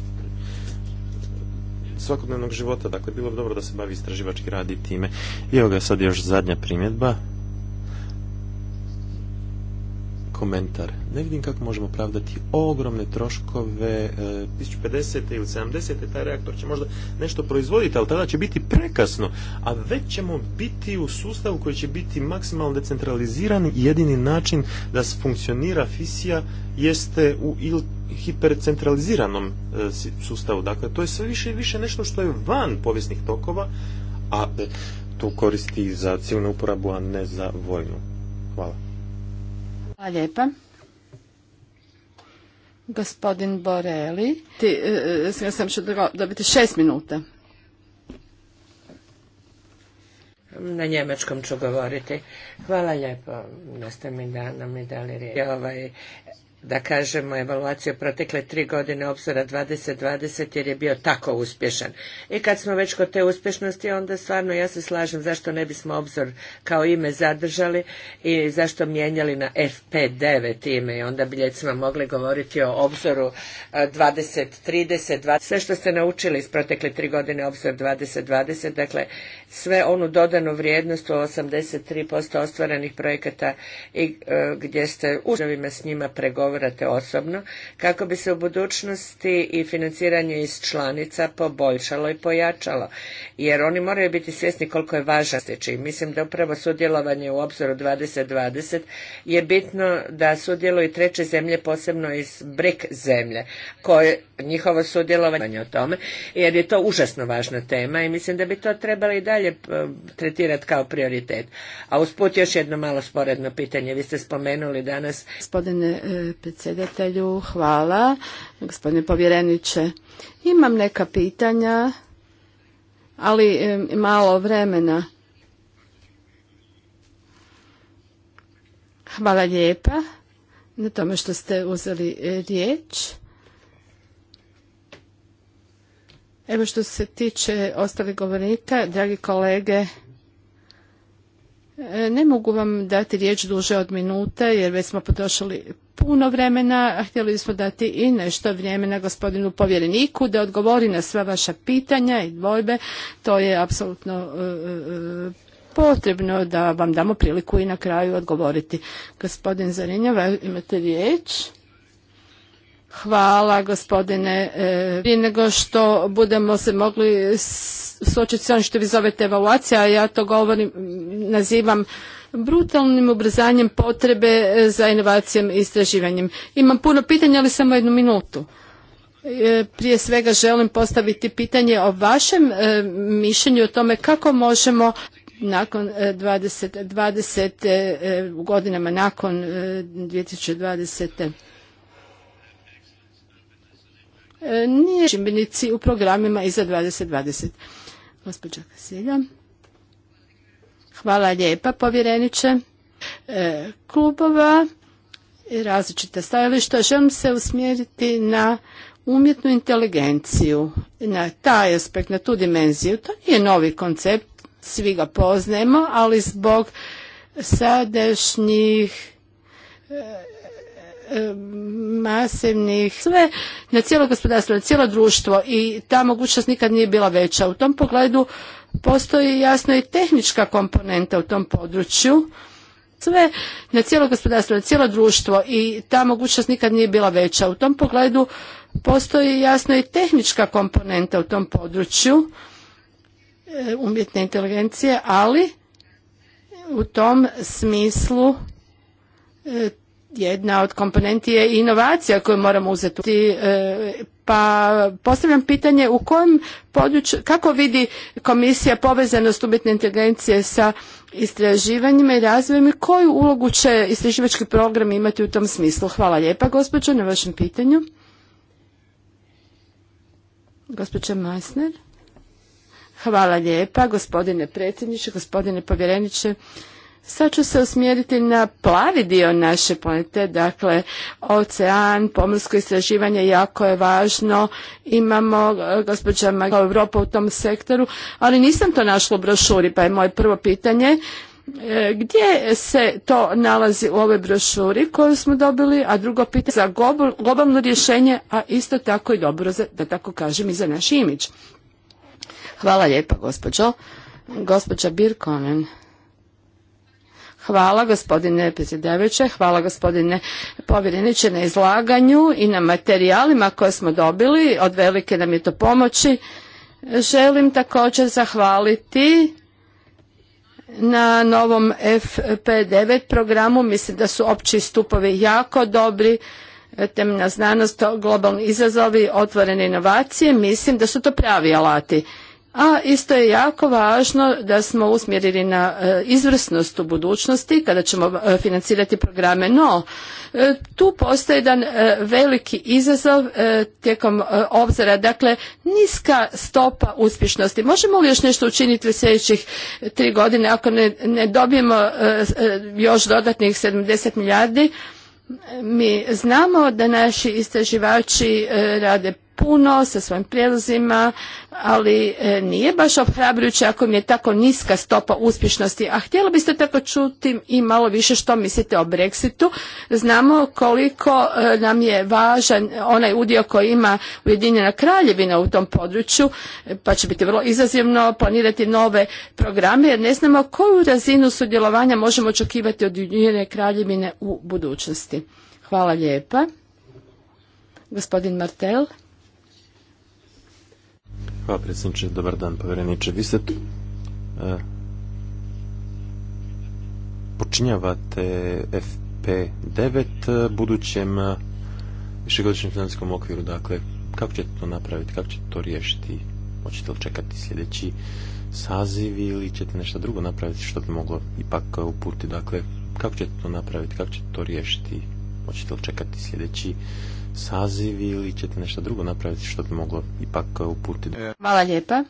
svakodnevnog života. Dakle, bilo bi dobro da se bavi istraživački rad i time. I evo ga sad još zadnja primjedba komentar. Ne vidim kako možemo pravdati ogromne troškove. 1050. E, ili 70. taj reaktor će možda nešto proizvoditi, ali tada će biti prekasno. A već ćemo biti u sustavu koji će biti maksimalno decentraliziran. Jedini način da se funkcionira fisija jeste u hipercentraliziranom e, sustavu. Dakle, to je sve više i više nešto što je van povijesnih tokova, a e, to koristi za civilnu uporabu, a ne za vojnu. Hvala. Hvala lijepa. Gospodin Boreli, ti, uh, sam ću dobiti šest minuta. Na njemačkom ću govoriti. Hvala lijepo da ste mi, da, nam mi dali riječ. Ovaj da kažemo, evaluaciju protekle tri godine obzora 2020 jer je bio tako uspješan. I kad smo već kod te uspješnosti, onda stvarno ja se slažem zašto ne bismo obzor kao ime zadržali i zašto mijenjali na FP9 ime i onda bi ljecima mogli govoriti o obzoru 2030, sve što ste naučili iz protekle tri godine obzor 2020, dakle sve onu dodanu vrijednost u 83% ostvarenih projekata i e, gdje ste u s njima pregovorili razgovarate osobno kako bi se u budućnosti i financiranje iz članica poboljšalo i pojačalo. Jer oni moraju biti svjesni koliko je važan steći. Mislim da upravo sudjelovanje u obzoru 2020 je bitno da sudjeluju treće zemlje, posebno iz BRIC zemlje, koje njihovo sudjelovanje o tome, jer je to užasno važna tema i mislim da bi to trebali i dalje e, tretirati kao prioritet. A usput još jedno malo sporedno pitanje. Vi ste spomenuli danas... Gospodine e, predsjedatelju. Hvala, gospodine povjereniče. Imam neka pitanja, ali malo vremena. Hvala lijepa na tome što ste uzeli e, riječ. Evo što se tiče ostalih govornika, dragi kolege, e, ne mogu vam dati riječ duže od minute jer već smo potrošili puno vremena. Htjeli smo dati i nešto vremena gospodinu povjereniku da odgovori na sva vaša pitanja i dvojbe. To je apsolutno e, e, potrebno da vam damo priliku i na kraju odgovoriti. Gospodin Zarinjava, imate riječ. Hvala gospodine. E, prije nego što budemo se mogli suočiti s onim što vi zovete evaluacija, ja to govorim, nazivam brutalnim ubrzanjem potrebe e, za inovacijom i istraživanjem. Imam puno pitanja, ali samo jednu minutu. E, prije svega želim postaviti pitanje o vašem e, mišljenju o tome kako možemo nakon 2020. 20 godinama nakon 2020. Nije čimbenici u programima iza 2020. Gospođa Kasilja. Hvala lijepa povjereniče e, klubova i različita stajališta. Želim se usmjeriti na umjetnu inteligenciju, na taj aspekt, na tu dimenziju. To nije novi koncept, svi ga poznajemo, ali zbog sadašnjih e, e, masivnih sve na cijelo gospodarstvo, na cijelo društvo i ta mogućnost nikad nije bila veća. U tom pogledu postoji jasno i tehnička komponenta u tom području sve, na cijelo gospodarstvo, na cijelo društvo i ta mogućnost nikad nije bila veća. U tom pogledu postoji jasno i tehnička komponenta u tom području e, umjetne inteligencije, ali u tom smislu e, jedna od komponenti je inovacija koju moramo uzeti. E, pa postavljam pitanje u kojem području, kako vidi komisija povezanost umjetne inteligencije sa istraživanjima i razvojem i koju ulogu će istraživački program imati u tom smislu? Hvala lijepa gospođo na vašem pitanju. Gospođa Masner. Hvala lijepa gospodine predsjedniče, gospodine povjereniče. Sad ću se usmjeriti na plavi dio naše planete, dakle ocean, pomorsko istraživanje jako je važno, imamo e, gospođa Europa u tom sektoru, ali nisam to našla u brošuri, pa je moje prvo pitanje e, gdje se to nalazi u ovoj brošuri koju smo dobili, a drugo pitanje za globalno rješenje, a isto tako i dobro, da tako kažem, i za naš imidž. Hvala lijepa, gospođo. Gospođa Birkonen. Hvala gospodine predsjedavajuće, hvala gospodine povjereniče na izlaganju i na materijalima koje smo dobili, od velike nam je to pomoći. Želim također zahvaliti na novom FP9 programu. Mislim da su opći stupovi jako dobri, temeljna znanost, globalni izazovi, otvorene inovacije. Mislim da su to pravi alati a isto je jako važno da smo usmjerili na e, izvrsnost u budućnosti kada ćemo e, financirati programe. No, e, tu postoji jedan veliki izazov tijekom obzora, dakle niska stopa uspješnosti. Možemo li još nešto učiniti u sljedećih tri godine ako ne, dobijemo još dodatnih 70 milijardi? Mi znamo da naši istraživači rade puno sa svojim prijedlozima, ali e, nije baš ohrabrujuće ako mi je tako niska stopa uspješnosti. A htjela biste tako čuti i malo više što mislite o Brexitu. Znamo koliko e, nam je važan onaj udio koji ima Ujedinjena kraljevina u tom području, e, pa će biti vrlo izazivno planirati nove programe, jer ne znamo koju razinu sudjelovanja možemo očekivati od Ujedinjene kraljevine u budućnosti. Hvala lijepa. Gospodin Martel. Hvala predsjedniče, dobar dan povjereniče. Vi ste e, počinjavate FP9 e, budućem e, višegodišnjem financijskom okviru. Dakle, kako ćete to napraviti, kako ćete to riješiti? Hoćete li čekati sljedeći saziv ili ćete nešto drugo napraviti što bi moglo ipak uputiti. Dakle, kako ćete to napraviti, kako ćete to riješiti? Hoćete li čekati sljedeći saziv ili ćete nešto drugo napraviti što bi moglo ipak e, uputiti? E. Hvala lijepa.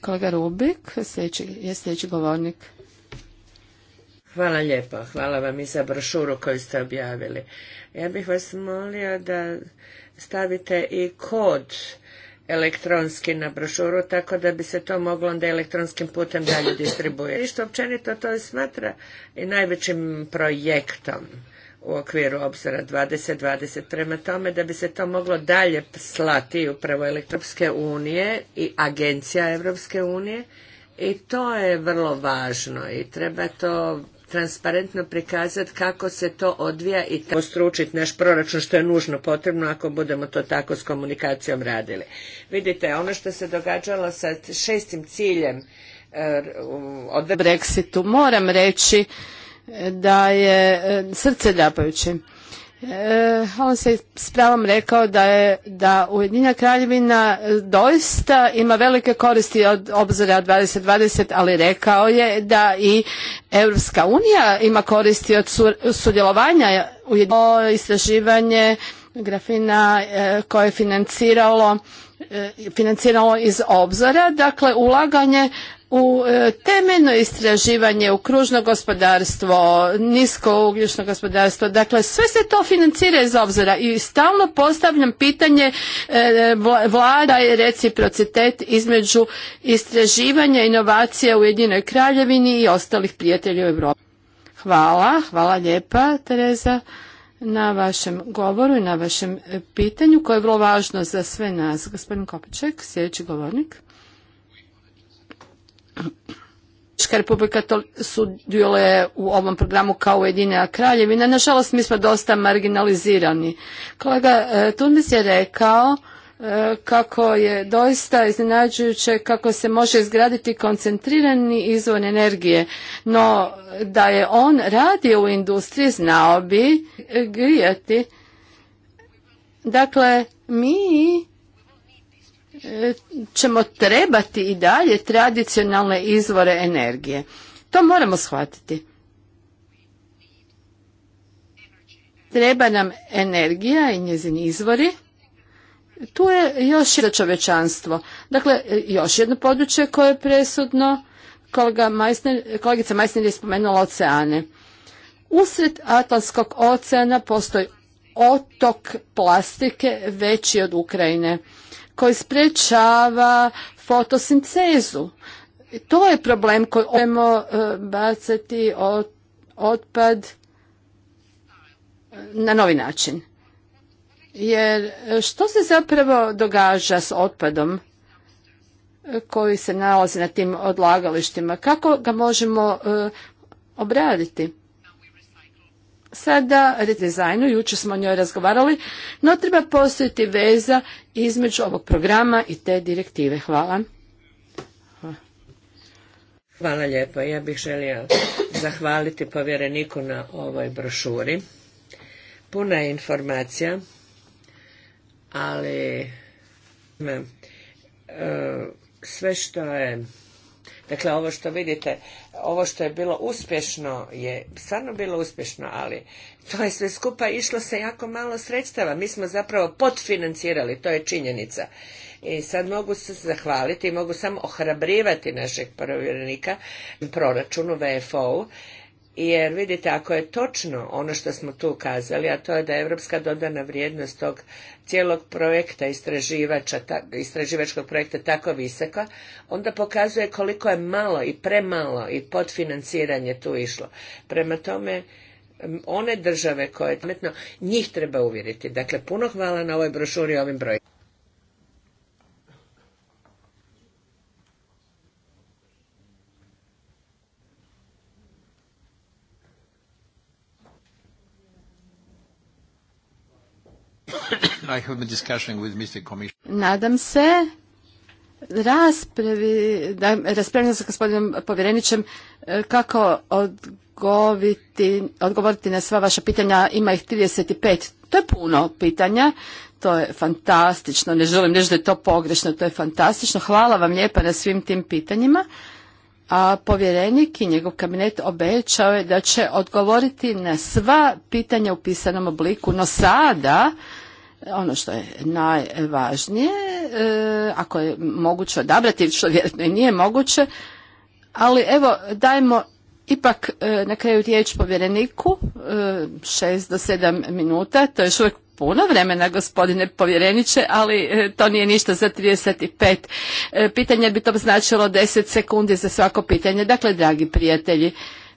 Kolega Rubik sljedeći, je sljedeći govornik. Hvala lijepa. Hvala vam i za brošuru koju ste objavili. Ja bih vas molio da stavite i kod elektronski na brošuru, tako da bi se to moglo onda elektronskim putem dalje distribuirati. I što općenito to smatra i najvećim projektom u okviru obzora 2020. Prema tome da bi se to moglo dalje slati upravo Europske unije i agencija Europske unije i to je vrlo važno i treba to transparentno prikazati kako se to odvija i stručiti naš proračun što je nužno potrebno ako budemo to tako s komunikacijom radili. Vidite, ono što se događalo sa šestim ciljem e, od Brexitu moram reći da je e, srce ljapajuće. on se s pravom rekao da je da Ujedinjena kraljevina e, doista ima velike koristi od obzora 2020, ali rekao je da i Europska unija ima koristi od sudjelovanja u istraživanje grafina e, koje je financiralo, financiralo iz obzora, dakle ulaganje u e, temeljno istraživanje, u kružno gospodarstvo, nisko ugljično gospodarstvo, dakle sve se to financira iz obzira i stalno postavljam pitanje e, vlada je reciprocitet između istraživanja, inovacija u Jedinoj Kraljevini i ostalih prijatelja u Europi. Hvala, hvala lijepa Tereza na vašem govoru i na vašem pitanju koje je vrlo važno za sve nas. Gospodin Kopiček, sljedeći govornik. Republika sudjeluje u ovom programu kao Ujedinjena kraljevina. Nažalost, mi smo dosta marginalizirani. Kolega e, Tunis je rekao e, kako je doista iznenađujuće kako se može izgraditi koncentrirani izvor energije. No, da je on radio u industriji, znao bi e, grijati. Dakle, mi ćemo trebati i dalje tradicionalne izvore energije. To moramo shvatiti. Treba nam energija i njezini izvori. Tu je još jedno čovečanstvo. Dakle, još jedno područje koje je presudno. kolegica Majsner je spomenula oceane. Usred Atlantskog oceana postoji otok plastike veći od Ukrajine koji sprečava fotosintezu. To je problem koji možemo e, bacati otpad e, na novi način. Jer e, što se zapravo događa s otpadom koji se nalazi na tim odlagalištima? Kako ga možemo obraditi? Sada redizajnu, juče smo o njoj razgovarali, no treba postojiti veza između ovog programa i te direktive. Hvala. Hvala lijepo. Ja bih želio zahvaliti povjereniku na ovoj brošuri. Puna je informacija, ali e, sve što je Dakle, ovo što vidite, ovo što je bilo uspješno je stvarno bilo uspješno, ali to je sve skupa išlo sa jako malo sredstava. Mi smo zapravo potfinancirali, to je činjenica. I sad mogu se zahvaliti i mogu samo ohrabrivati našeg povjerenika proračunu VFO-u jer vidite, ako je točno ono što smo tu kazali, a to je da je evropska dodana vrijednost tog cijelog projekta istraživača, istraživačkog projekta tako visoka, onda pokazuje koliko je malo i premalo i podfinanciranje tu išlo. Prema tome, one države koje, njih treba uvjeriti. Dakle, puno hvala na ovoj brošuri ovim brojima. I Nadam se raspravi, da, raspravljam sa gospodinom povjereničem e, kako odgovoriti na sva vaša pitanja, ima ih 35. To je puno pitanja, to je fantastično, ne želim reći da je to pogrešno, to je fantastično. Hvala vam lijepa na svim tim pitanjima. A povjerenik i njegov kabinet obećao je da će odgovoriti na sva pitanja u pisanom obliku, no sada ono što je najvažnije, e, ako je moguće odabrati, što vjerojatno i nije moguće, ali evo dajmo ipak e, na kraju riječ povjereniku, e, šest do sedam minuta, to je još uvijek puno vremena gospodine povjereniče, ali to nije ništa za 35 pitanja, bi to značilo 10 sekundi za svako pitanje. Dakle, dragi prijatelji,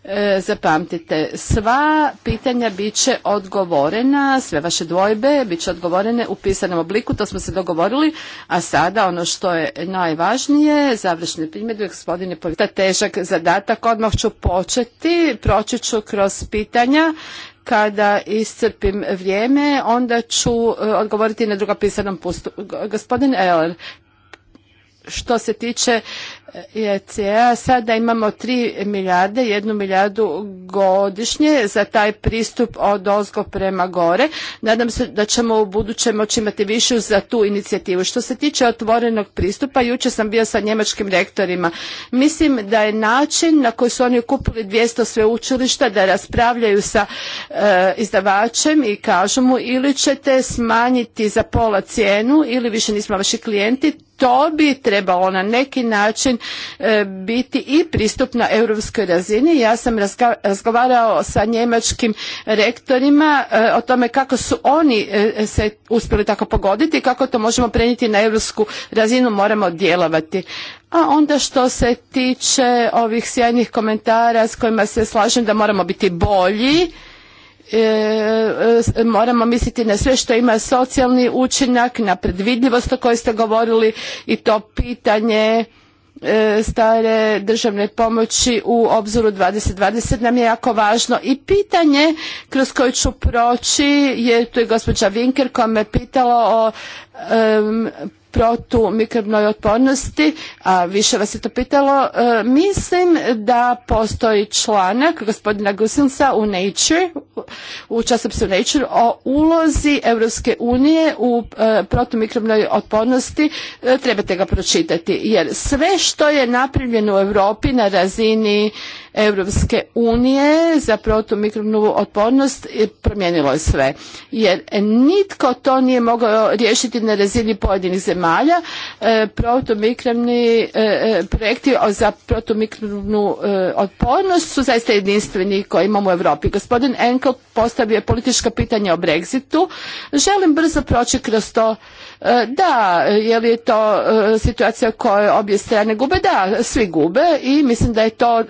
E, zapamtite, sva pitanja bit će odgovorena, sve vaše dvojbe bit će odgovorene u pisanom obliku, to smo se dogovorili, a sada ono što je najvažnije, završne primjedbe, gospodine Polita, težak zadatak, odmah ću početi, proći ću kroz pitanja, kada iscrpim vrijeme, onda ću e, odgovoriti na druga pisanom pustu. Gospodin Eller, što se tiče ECA, e sada imamo 3 milijarde, 1 milijardu godišnje za taj pristup od ozgo prema gore. Nadam se da ćemo u budućem moći imati više za tu inicijativu. Što se tiče otvorenog pristupa, jučer sam bio sa njemačkim rektorima. Mislim da je način na koji su oni kupili 200 sveučilišta da raspravljaju sa e, izdavačem i kažu mu ili ćete smanjiti za pola cijenu ili više nismo vaši klijenti, to bi trebalo na neki način e, biti i pristup na europskoj razini. Ja sam razgovarao sa njemačkim rektorima e, o tome kako su oni e, se uspjeli tako pogoditi, kako to možemo prenijeti na europsku razinu, moramo djelovati. A onda što se tiče ovih sjajnih komentara s kojima se slažem da moramo biti bolji, E, e, moramo misliti na sve što ima socijalni učinak, na predvidljivost o kojoj ste govorili i to pitanje e, stare državne pomoći u obzoru 2020 nam je jako važno i pitanje kroz koje ću proći je tu je gospođa Vinker koja me pitala o mikrobnoj otpornosti, a više vas je to pitalo, mislim da postoji članak gospodina Gusilsa u Nature, u časopisu Nature, o ulozi Europske unije u mikrobnoj otpornosti. Trebate ga pročitati, jer sve što je napravljeno u Europi na razini Europske unije za protumikrobnu otpornost e, promijenilo je sve. Jer nitko to nije mogao riješiti na razini pojedinih zemalja. E, protomikrovni e, e, projekti za protomikrovnu otpornost su zaista jedinstveni koje imamo u Europi. Gospodin Enkel postavio je politička pitanja o Brexitu. Želim brzo proći kroz to. Da, je li to situacija koju obje strane gube? Da, svi gube i mislim da je to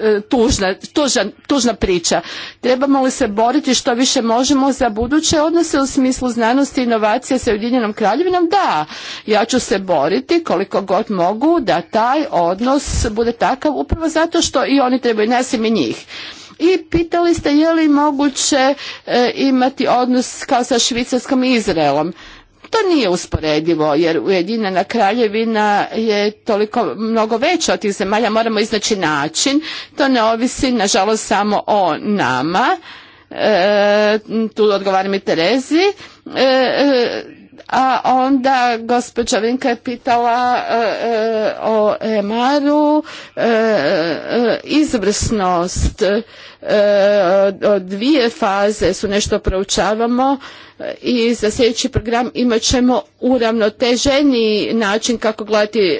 tužna, priča. Trebamo li se boriti što više možemo za buduće odnose u smislu znanosti i inovacija sa Ujedinjenom kraljevinom da, ja ću se boriti koliko god mogu da taj odnos bude takav upravo zato što i oni trebaju nas i njih. I pitali ste je li moguće e, imati odnos kao sa Švicarskom i Izraelom. To nije usporedivo jer Ujedinjena kraljevina je toliko mnogo veća od tih zemalja, moramo iznaći način, to ne ovisi nažalost samo o nama, e, tu odgovaram i Terezi, e, a onda gospođa Vinka je pitala e, e, o Emaru u e, izvrsnost dvije faze su nešto proučavamo i za sljedeći program imat ćemo uravnoteženi način kako gledati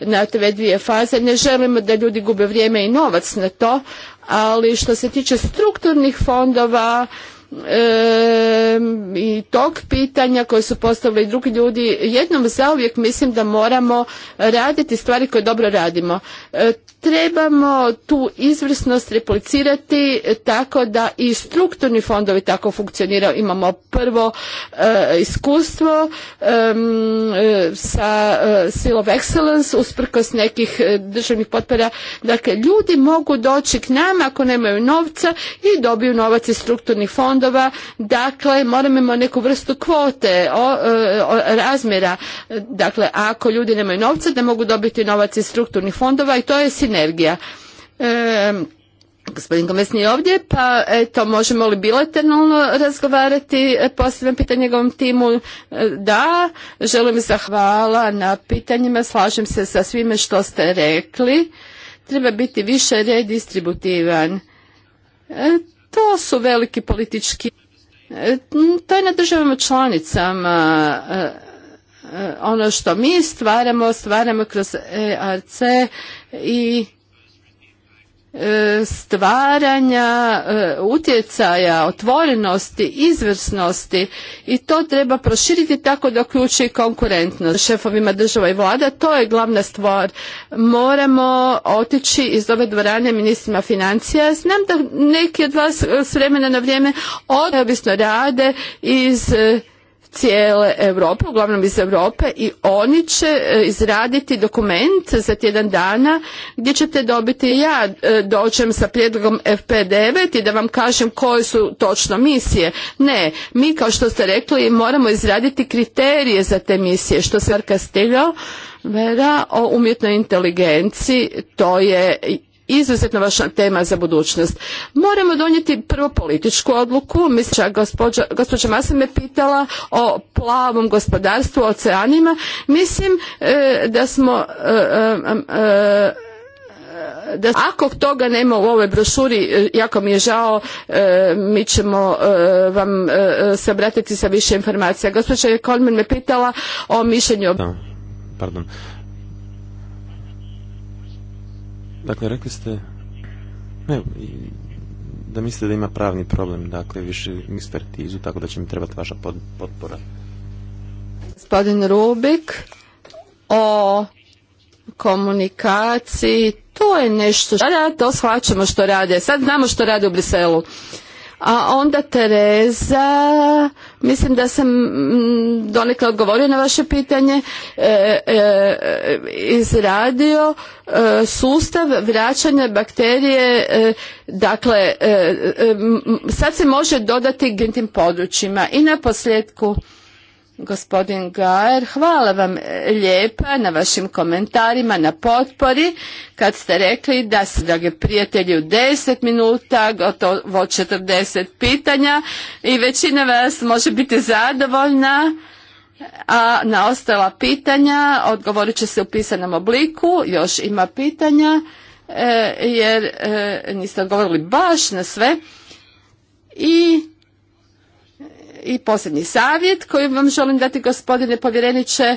na te dvije faze. Ne želimo da ljudi gube vrijeme i novac na to, ali što se tiče strukturnih fondova i tog pitanja koje su postavili drugi ljudi, jednom zauvijek mislim da moramo raditi stvari koje dobro radimo. E, trebamo tu izvrsnost replicirati tako da i strukturni fondovi tako funkcioniraju. Imamo prvo e, iskustvo e, sa Seal of Excellence usprkos nekih državnih potpora. Dakle, ljudi mogu doći k nama ako nemaju novca i dobiju novac iz strukturnih fondova fondova, dakle moramo imamo neku vrstu kvote e, razmjera. Dakle, ako ljudi nemaju novca da mogu dobiti novac iz strukturnih fondova i to je sinergija. E, gospodin Gomes nije ovdje, pa eto, možemo li bilateralno razgovarati? E, postavljam pitanje njegovom timu. Da, želim zahvala na pitanjima, slažem se sa svime što ste rekli. Treba biti više redistributivan. To su veliki politički... E, to je na državama članicama e, e, ono što mi stvaramo, stvaramo kroz ERC i E, stvaranja e, utjecaja, otvorenosti, izvrsnosti i to treba proširiti tako da uključi konkurentnost. Šefovima država i vlada to je glavna stvar. Moramo otići iz ove dvorane ministrima financija. Znam da neki od vas s vremena na vrijeme odobisno rade iz e, cijele Europe, uglavnom iz Europe i oni će e, izraditi dokument za tjedan dana gdje ćete dobiti ja e, dođem sa prijedlogom FP9 i da vam kažem koje su točno misije. Ne, mi kao što ste rekli moramo izraditi kriterije za te misije što se Kastiljo Vera o umjetnoj inteligenciji, to je izuzetno važna tema za budućnost. Moramo donijeti prvo političku odluku. Mislim, gospođa, gospođa Masa me pitala o plavom gospodarstvu, oceanima. Mislim e, da smo e, e, da ako toga nema u ovoj brošuri, jako mi je žao, mi ćemo vam se obratiti sa više informacija. Gospođa Kolman me pitala o mišljenju... pardon. Dakle, rekli ste da mislite da ima pravni problem, dakle, više ekspertizu, tako da će mi trebati vaša potpora. Gospodin Rubik, o komunikaciji, to je nešto, da, da, to shvaćamo što rade, sad znamo što rade u Briselu. A onda Tereza, mislim da sam mm, donekle odgovorio na vaše pitanje, e, e, e, izradio sustav vraćanja bakterije, dakle sad se može dodati gentim područjima i na posljedku gospodin Gajer. Hvala vam lijepa na vašim komentarima, na potpori. Kad ste rekli da se, dragi prijatelji, u 10 minuta, gotovo 40 pitanja i većina vas može biti zadovoljna. A na ostala pitanja odgovorit će se u pisanom obliku. Još ima pitanja e, jer e, niste odgovorili baš na sve. I i posljednji savjet koji vam želim dati gospodine povjereniče,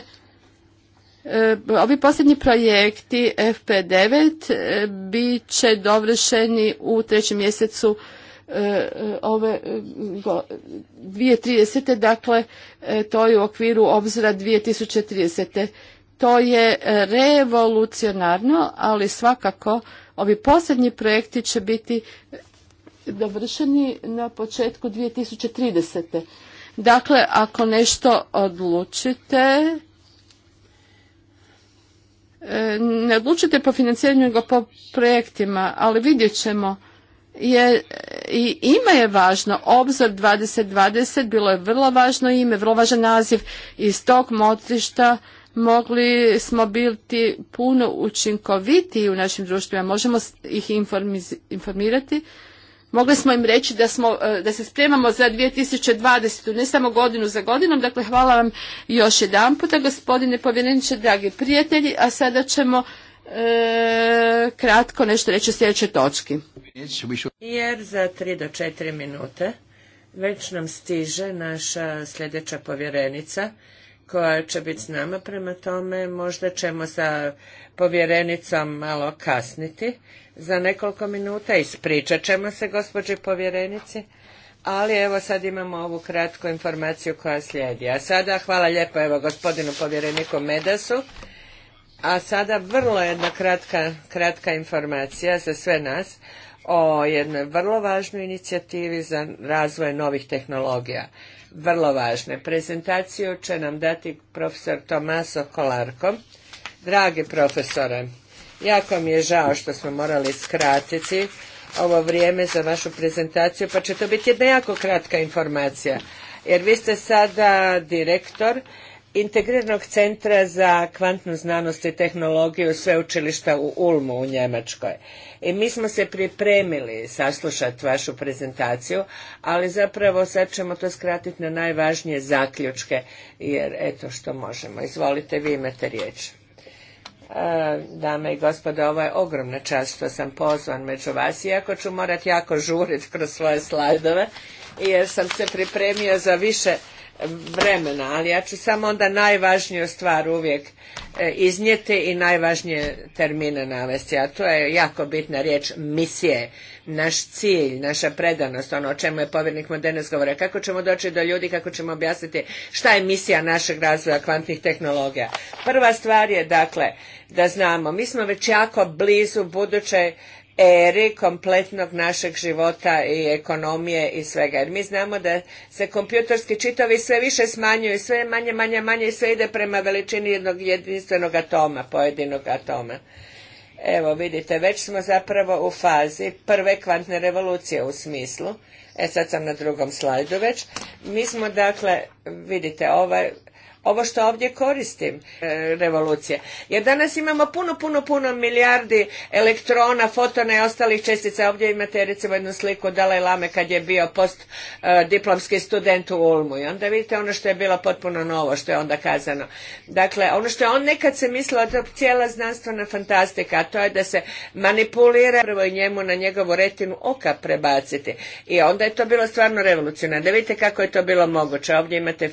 e, Ovi posljednji projekti FP9 e, bit će dovršeni u trećem mjesecu e, ove 2030. Dakle, to je u okviru obzira 2030. To je revolucionarno, ali svakako ovi posljednji projekti će biti dovršeni na početku 2030. Dakle, ako nešto odlučite, e, ne odlučite po financiranju nego po projektima, ali vidjet ćemo je, i ime je važno, obzor 2020 bilo je vrlo važno ime, vrlo važan naziv iz tog motrišta mogli smo biti puno učinkovitiji u našim društvima, možemo ih informirati Mogli smo im reći da, smo, e, da se spremamo za 2020. ne samo godinu za godinom. Dakle, hvala vam još jedan puta, gospodine povjereniče, dragi prijatelji. A sada ćemo e, kratko nešto reći o sljedećoj točki. Jer za 3 do 4 minute već nam stiže naša sljedeća povjerenica koja će biti s nama. Prema tome možda ćemo sa povjerenicom malo kasniti za nekoliko minuta. Ispričat ćemo se, gospođi povjerenici. Ali evo sad imamo ovu kratku informaciju koja slijedi. A sada hvala lijepo evo gospodinu povjereniku Medasu. A sada vrlo jedna kratka, kratka informacija za sve nas o jednoj vrlo važnoj inicijativi za razvoj novih tehnologija. Vrlo važne. Prezentaciju će nam dati profesor Tomaso Kolarko. Dragi profesore, Jako mi je žao što smo morali skratiti ovo vrijeme za vašu prezentaciju, pa će to biti jedna jako kratka informacija. Jer vi ste sada direktor Integriranog centra za kvantnu znanost i tehnologiju sveučilišta u Ulmu u Njemačkoj. I mi smo se pripremili saslušati vašu prezentaciju, ali zapravo sad ćemo to skratiti na najvažnije zaključke, jer eto što možemo. Izvolite, vi imate riječ. Eh, dame i gospodo, ovo je ogromna čast što sam pozvan među vas, iako ću morati jako žurit kroz svoje slajdove, jer sam se pripremio za više vremena, ali ja ću samo onda najvažniju stvar uvijek e, iznijeti i najvažnije termine navesti, a to je jako bitna riječ misije, naš cilj, naša predanost, ono o čemu je povjernik Modernes govore, kako ćemo doći do ljudi, kako ćemo objasniti šta je misija našeg razvoja kvantnih tehnologija. Prva stvar je dakle da znamo, mi smo već jako blizu buduće eri kompletnog našeg života i ekonomije i svega. Jer mi znamo da se kompjutorski čitovi sve više smanjuju, sve manje, manje, manje i sve ide prema veličini jednog jedinstvenog atoma, pojedinog atoma. Evo vidite, već smo zapravo u fazi prve kvantne revolucije u smislu. E sad sam na drugom slajdu već. Mi smo dakle, vidite, ovaj ovo što ovdje koristim, e, revolucije. Jer danas imamo puno, puno, puno milijardi elektrona, fotona i ostalih čestica. Ovdje imate recimo jednu sliku Dalaj Lame kad je bio post e, diplomski student u Ulmu. I onda vidite ono što je bilo potpuno novo, što je onda kazano. Dakle, ono što je on nekad se mislio da cijela znanstvena fantastika, a to je da se manipulira prvo i njemu na njegovu retinu oka prebaciti. I onda je to bilo stvarno revolucionarno. Da vidite kako je to bilo moguće. Ovdje imate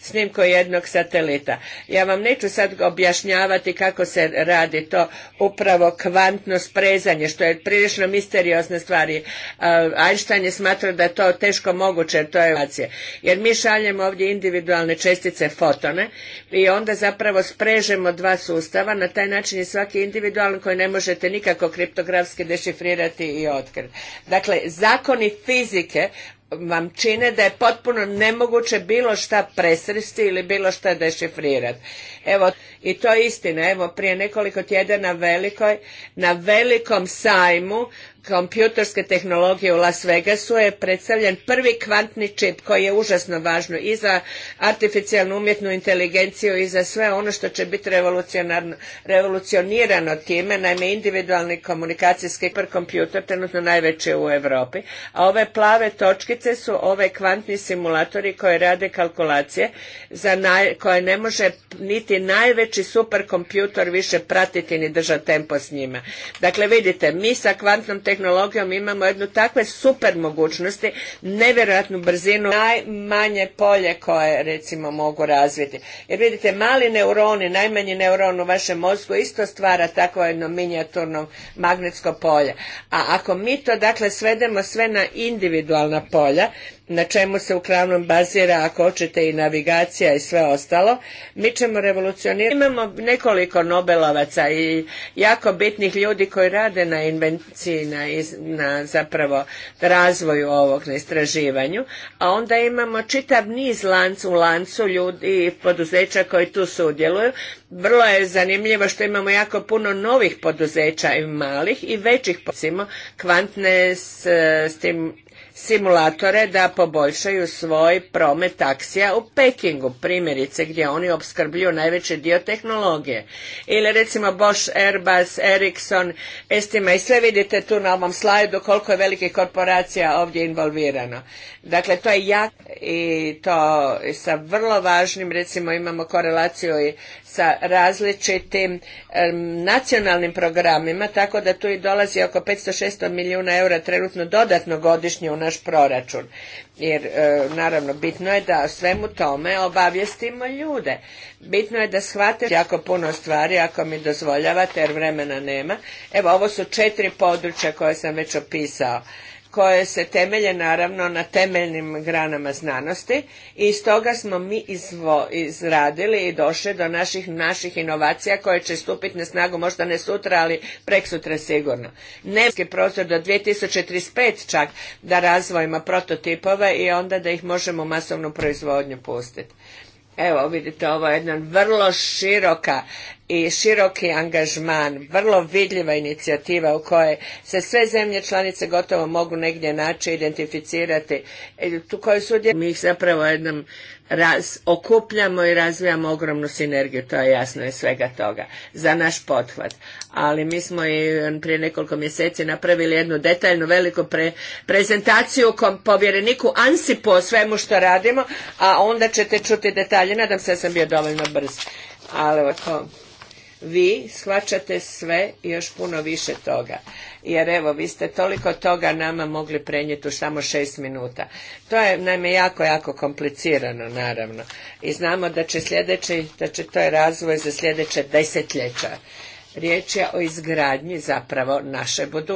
snimku jednog satelita. Ja vam neću sad objašnjavati kako se radi to upravo kvantno sprezanje, što je prilično misteriozne stvari. Einstein je smatrao da je to teško moguće, to je jer mi šaljemo ovdje individualne čestice fotone i onda zapravo sprežemo dva sustava, na taj način je svaki individualan koji ne možete nikako kriptografski dešifrirati i otkriti. Dakle, zakoni fizike vam čine da je potpuno nemoguće bilo šta presresti ili bilo šta dešifrirati. Evo, i to je istina. Evo, prije nekoliko tjedana velikoj, na velikom sajmu kompjuterske tehnologije u Las Vegasu je predstavljen prvi kvantni čip koji je užasno važno i za artificijalnu umjetnu inteligenciju i za sve ono što će biti revolucionirano time. Naime, individualni komunikacijski kompjuter trenutno najveći u Europi. A ove plave točkice su ove kvantni simulatori koji rade kalkulacije za koje ne može niti najveći superkompjuter više pratiti ni držati tempo s njima. Dakle, vidite, mi sa kvantnom tehnologijom tehnologijom imamo jednu takve super mogućnosti, nevjerojatnu brzinu, najmanje polje koje recimo mogu razviti. Jer vidite, mali neuroni, najmanji neuron u vašem mozgu isto stvara takvo jedno minijaturno magnetsko polje. A ako mi to dakle svedemo sve na individualna polja, na čemu se uglavnom bazira, ako hoćete, i navigacija i sve ostalo, mi ćemo revolucionirati. Imamo nekoliko Nobelovaca i jako bitnih ljudi koji rade na invenciji, na, na zapravo razvoju ovog, na istraživanju, a onda imamo čitav niz u lancu ljudi i poduzeća koji tu sudjeluju. Vrlo je zanimljivo što imamo jako puno novih poduzeća i malih i većih, posimo kvantne s, eh, s tim simulatore da poboljšaju svoj promet taksija u Pekingu, primjerice gdje oni opskrbljuju najveći dio tehnologije. Ili recimo Bosch, Airbus, Ericsson, Estima i sve vidite tu na ovom slajdu koliko je velike korporacija ovdje involvirano. Dakle, to je jak i to sa vrlo važnim, recimo imamo korelaciju i sa različitim nacionalnim programima, tako da tu i dolazi oko 500-600 milijuna eura trenutno dodatno godišnje u naš proračun. Jer, e, naravno, bitno je da svemu tome obavijestimo ljude. Bitno je da shvate jako puno stvari, ako mi dozvoljavate, jer vremena nema. Evo, ovo su četiri područja koje sam već opisao koje se temelje naravno na temeljnim granama znanosti i stoga smo mi izvo, izradili i došli do naših, naših inovacija koje će stupiti na snagu možda ne sutra, ali sutra sigurno. Nemski prostor do 2035 čak da razvojimo prototipove i onda da ih možemo masovnu proizvodnju pustiti. Evo vidite, ovo je jedna vrlo široka i široki angažman, vrlo vidljiva inicijativa u kojoj se sve zemlje članice gotovo mogu negdje naći, identificirati, e, tu koju su mi ih zapravo jednom okupljamo i razvijamo ogromnu sinergiju, to je jasno iz svega toga, za naš pothvat. Ali mi smo i mm, prije nekoliko mjeseci napravili jednu detaljnu veliku prezentaciju kom povjereniku ansi o svemu što radimo, a onda ćete čuti detalje. Nadam se da sam bio dovoljno brz. Ali ovako vi shvaćate sve i još puno više toga. Jer evo, vi ste toliko toga nama mogli prenijeti u samo šest minuta. To je naime jako, jako komplicirano, naravno. I znamo da će sljedeći, da će to je razvoj za sljedeće desetljeća Riječ je o izgradnji zapravo naše budućnosti.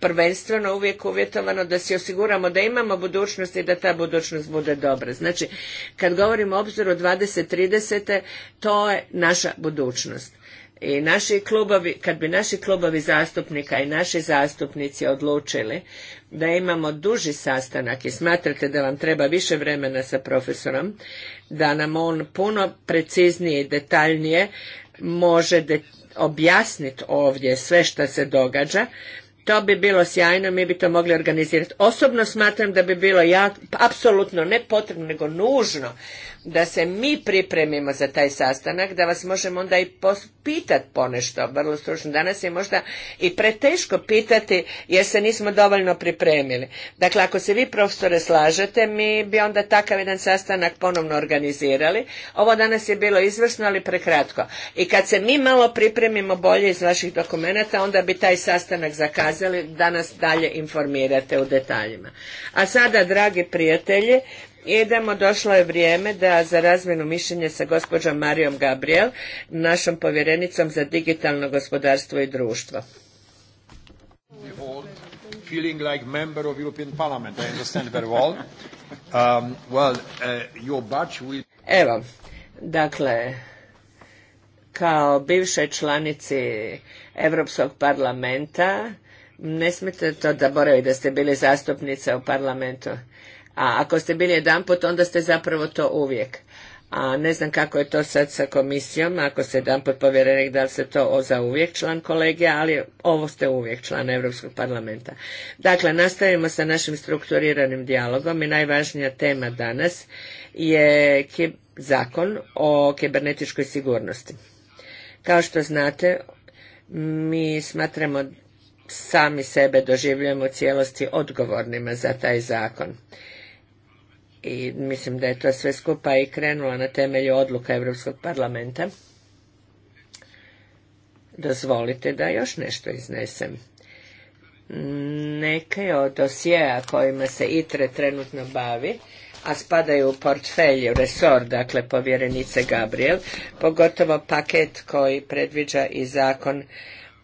Prvenstveno uvijek uvjetovano da si osiguramo da imamo budućnost i da ta budućnost bude dobra. Znači, kad govorimo o obzoru 2030. to je naša budućnost. I naši klubovi, kad bi naši klubovi zastupnika i naši zastupnici odlučili da imamo duži sastanak i smatrate da vam treba više vremena sa profesorom, da nam on puno preciznije i detaljnije može objasniti ovdje sve što se događa, to bi bilo sjajno, mi bi to mogli organizirati. Osobno smatram da bi bilo ja, apsolutno ne potrebno, nego nužno da se mi pripremimo za taj sastanak, da vas možemo onda i pitati ponešto, vrlo stručno. Danas je možda i preteško pitati jer se nismo dovoljno pripremili. Dakle, ako se vi profesore slažete, mi bi onda takav jedan sastanak ponovno organizirali. Ovo danas je bilo izvrsno, ali prekratko. I kad se mi malo pripremimo bolje iz vaših dokumenata, onda bi taj sastanak zakazali, da nas dalje informirate u detaljima. A sada, dragi prijatelji, Idemo, došlo je vrijeme da za razmjenu mišljenja sa gospođom Marijom Gabriel, našom povjerenicom za digitalno gospodarstvo i društvo. Evo, dakle, kao bivšoj članici Europskog parlamenta, ne smijete to da boravi da ste bili zastupnica u parlamentu. A ako ste bili jedan put, onda ste zapravo to uvijek. A ne znam kako je to sad sa komisijom, ako ste jedan put povjerenik, da li ste to za uvijek član kolege, ali ovo ste uvijek član Europskog parlamenta. Dakle, nastavimo sa našim strukturiranim dijalogom i najvažnija tema danas je zakon o kibernetičkoj sigurnosti. Kao što znate, mi smatramo sami sebe doživljujemo u cijelosti odgovornima za taj zakon i mislim da je to sve skupa i krenula na temelju odluka Europskog parlamenta. Dozvolite da još nešto iznesem. Neke od dosijeja kojima se ITRE trenutno bavi, a spadaju u portfelj, u resor, dakle povjerenice Gabriel, pogotovo paket koji predviđa i zakon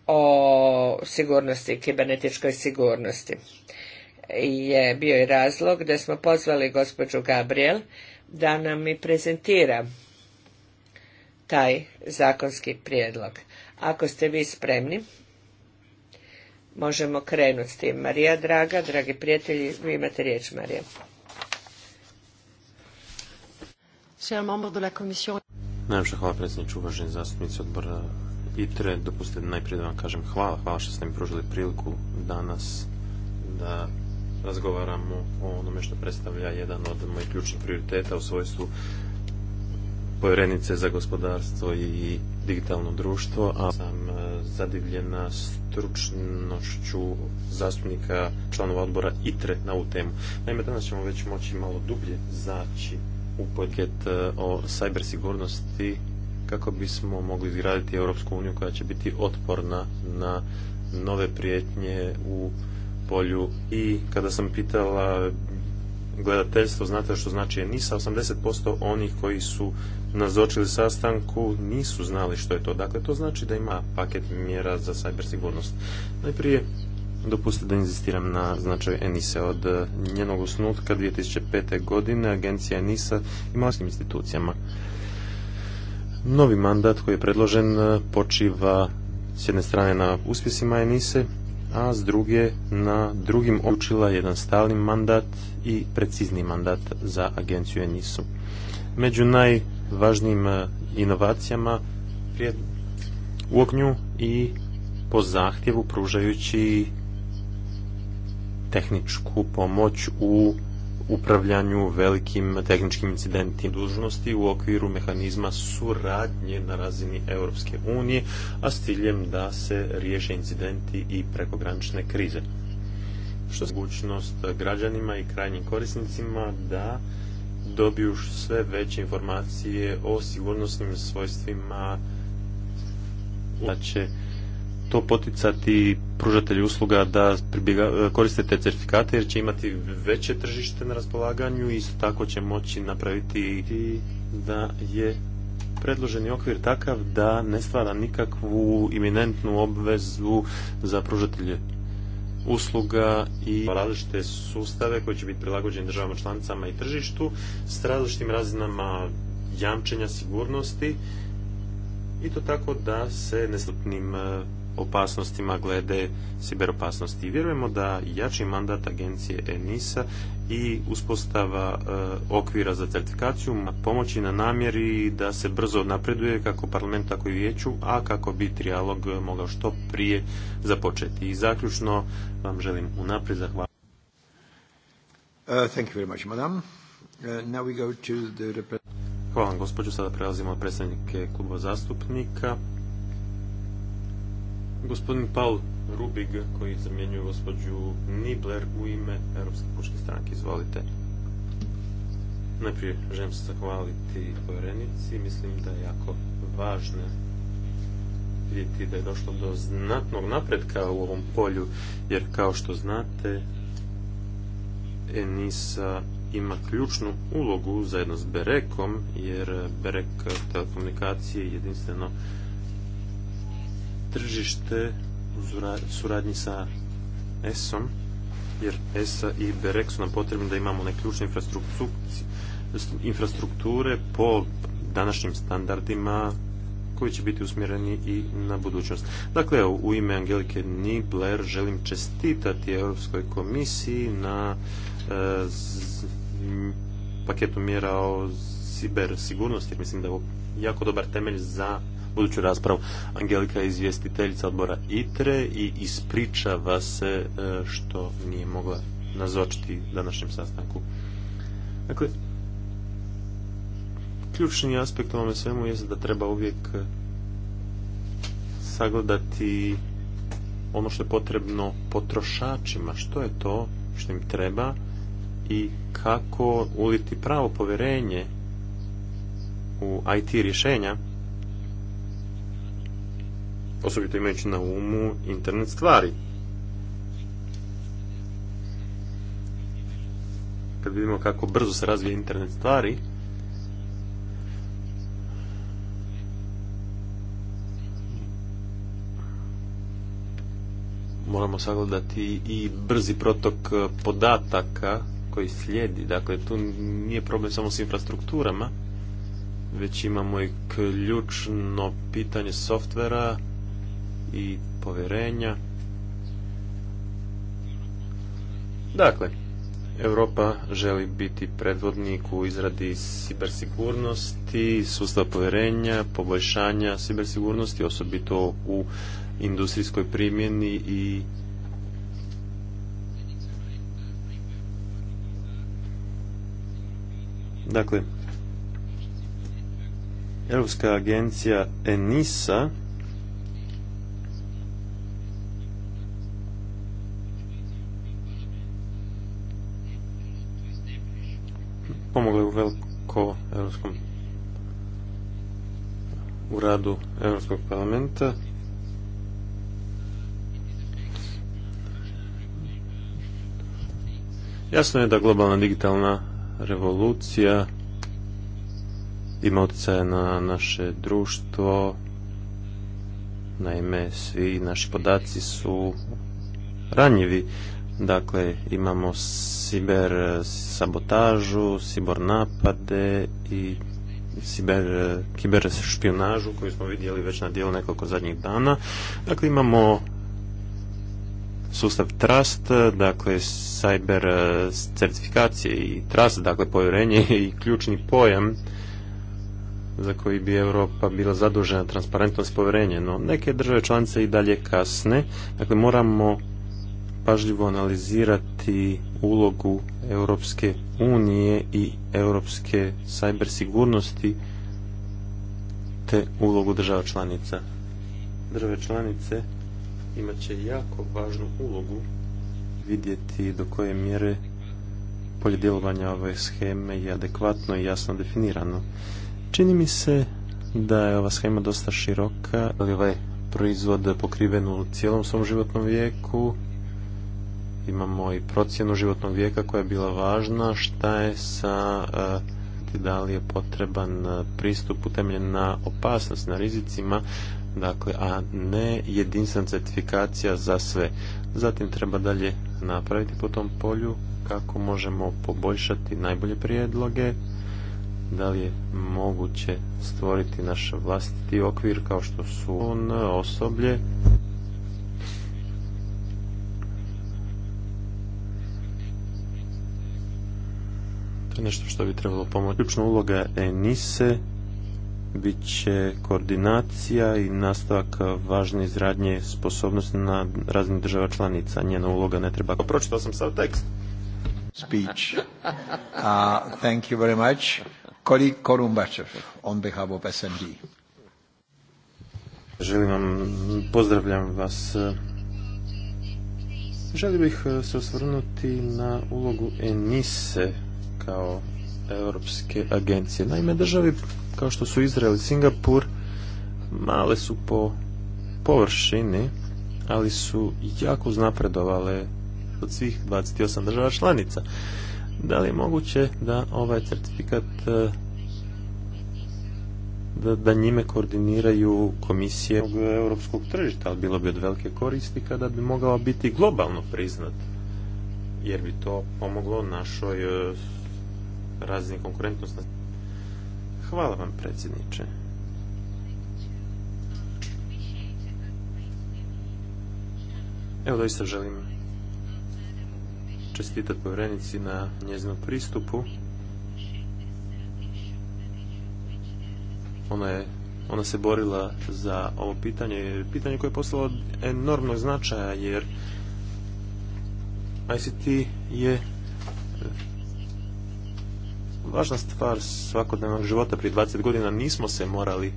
o sigurnosti, kibernetičkoj sigurnosti je bio i razlog da smo pozvali gospođu Gabriel da nam i prezentira taj zakonski prijedlog. Ako ste vi spremni, možemo krenuti s tim. Marija, draga, dragi prijatelji, vi imate riječ, Marija. Najviše hvala predsjedniče, uvaženi zastupnici odbora ITRE. Dopustite najprije da vam kažem hvala, hvala što ste mi pružili priliku danas da razgovaramo o onome što predstavlja jedan od mojih ključnih prioriteta u svojstvu povjerenice za gospodarstvo i digitalno društvo, a sam e, zadivljena stručnošću zastupnika članova odbora ITRE na ovu temu. Naime, danas ćemo već moći malo dublje zaći u paket e, o sajbersigurnosti kako bismo mogli izgraditi Europsku uniju koja će biti otporna na nove prijetnje u polju i kada sam pitala gledateljstvo, znate što znači ENISA, 80% onih koji su nazočili sastanku nisu znali što je to. Dakle, to znači da ima paket mjera za cybersigurnost. Najprije Dopustite da inzistiram na značaju Enise. Od njenog osnutka 2005. godine agencija Enisa i malskim institucijama. Novi mandat koji je predložen eh, počiva s jedne strane na uspjesima Enise, a s druge na drugim učila jedan stalni mandat i precizni mandat za agenciju ENISU. Među najvažnijim e, inovacijama u oknju i po zahtjevu pružajući tehničku pomoć u upravljanju velikim tehničkim incidentima dužnosti u okviru mehanizma suradnje na razini Europske unije, a s ciljem da se riješe incidenti i prekogranične krize. Što je mogućnost građanima i krajnjim korisnicima da dobiju sve veće informacije o sigurnosnim svojstvima da to poticati pružatelji usluga da koriste te certifikate jer će imati veće tržište na raspolaganju i isto tako će moći napraviti da je predloženi okvir takav da ne stvara nikakvu iminentnu obvezu za pružatelje usluga i različite sustave koji će biti prilagođeni državama članicama i tržištu s različitim razinama jamčenja sigurnosti i to tako da se neslupnim opasnostima glede siberopasnosti. Vjerujemo da jači mandat agencije ENISA i uspostava e, okvira za certifikaciju pomoći na namjeri da se brzo napreduje kako parlament tako i vijeću, a kako bi trijalog mogao što prije započeti. I zaključno vam želim unaprijed zahvaliti. Uh, uh, Hvala vam, gospođo. Sada prelazimo na predstavnike kluba zastupnika. Gospodin Paul Rubig koji zamjenjuje gospođu Nibler u ime Europske pučke stranke. Izvolite. Najprije želim se zahvaliti povjerenici. Mislim da je jako važno vidjeti da je došlo do znatnog napretka u ovom polju, jer kao što znate, Enisa ima ključnu ulogu zajedno s Berekom, jer Berek telekomunikacije jedinstveno tržište u suradnji sa ESOM, jer ESA i BEREK su nam potrebni da imamo neključne infrastrukture po današnjim standardima koji će biti usmjereni i na budućnost. Dakle, u ime Angelike Nibler želim čestitati Europskoj komisiji na e, paketu mjera o sigurnosti jer mislim da je ovo jako dobar temelj za buduću raspravu. Angelika je izvjestiteljica odbora ITRE i ispričava se e, što nije mogla nazočiti današnjem sastanku. Dakle, ključni aspekt ovome svemu je da treba uvijek sagledati ono što je potrebno potrošačima, što je to što im treba i kako uliti pravo povjerenje u IT rješenja osobito imajući na umu internet stvari. Kad vidimo kako brzo se razvije internet stvari, moramo sagledati i brzi protok e, podataka koji slijedi. Dakle, tu nije problem samo s infrastrukturama, već imamo i ključno pitanje softvera, i povjerenja. Dakle, Europa želi biti predvodnik u izradi sibersigurnosti, sustav povjerenja, poboljšanja sibersigurnosti, osobito u industrijskoj primjeni i Dakle, Europska agencija ENISA veliko europskom u radu Europskog parlamenta. Jasno je da globalna digitalna revolucija ima utjecaje na naše društvo. Naime, svi naši podaci su ranjivi. Dakle, imamo siber sabotažu, siber napade i siber, kiber špionažu koju smo vidjeli već na dijelu nekoliko zadnjih dana. Dakle, imamo sustav trust, dakle cyber certifikacije i trust, dakle povjerenje i ključni pojam za koji bi Europa bila zadužena transparentnost povjerenje, no neke države članice i dalje kasne, dakle moramo pažljivo analizirati ulogu Europske unije i europske cybersigurnosti, sigurnosti te ulogu država članica. Države članice imat će jako važnu ulogu vidjeti do koje mjere polje djelovanja ove scheme je adekvatno i jasno definirano. Čini mi se da je ova schema dosta široka, ali ovaj proizvod pokriven u cijelom svom životnom vijeku imamo i procjenu životnog vijeka koja je bila važna, šta je sa e, da li je potreban e, pristup utemljen na opasnost, na rizicima, dakle, a ne jedinstvena certifikacija za sve. Zatim treba dalje napraviti po tom polju kako možemo poboljšati najbolje prijedloge, da li je moguće stvoriti naš vlastiti okvir kao što su on, osoblje, To je dakle, nešto što bi trebalo pomoći. Ključna uloga ENISE bit će koordinacija i nastavak važne izradnje sposobnosti na razini država članica. Njena uloga ne treba... Pročitao sam sav tekst. Speech. Uh, thank you very much. Kori Korumbačev, on behalf of SND. Želim vam, pozdravljam vas. Želio bih uh, se osvrnuti na ulogu Enise kao europske agencije. Naime, državi kao što su Izrael i Singapur male su po površini, ali su jako uznapredovale od svih 28 država članica. Da li je moguće da ovaj certifikat eh, da, njime koordiniraju komisije europskog tržišta, ali bilo bi od velike koristi kada bi mogao biti globalno priznat jer bi to pomoglo našoj eh, razini konkurentnosti. Hvala vam predsjedniče. Evo doista želim čestitati povjerenici na njezinom pristupu. Ona, je, ona se borila za ovo pitanje, pitanje koje je poslalo enormnog značaja jer ICT je važna stvar svakodnevnog života. Prije 20 godina nismo se morali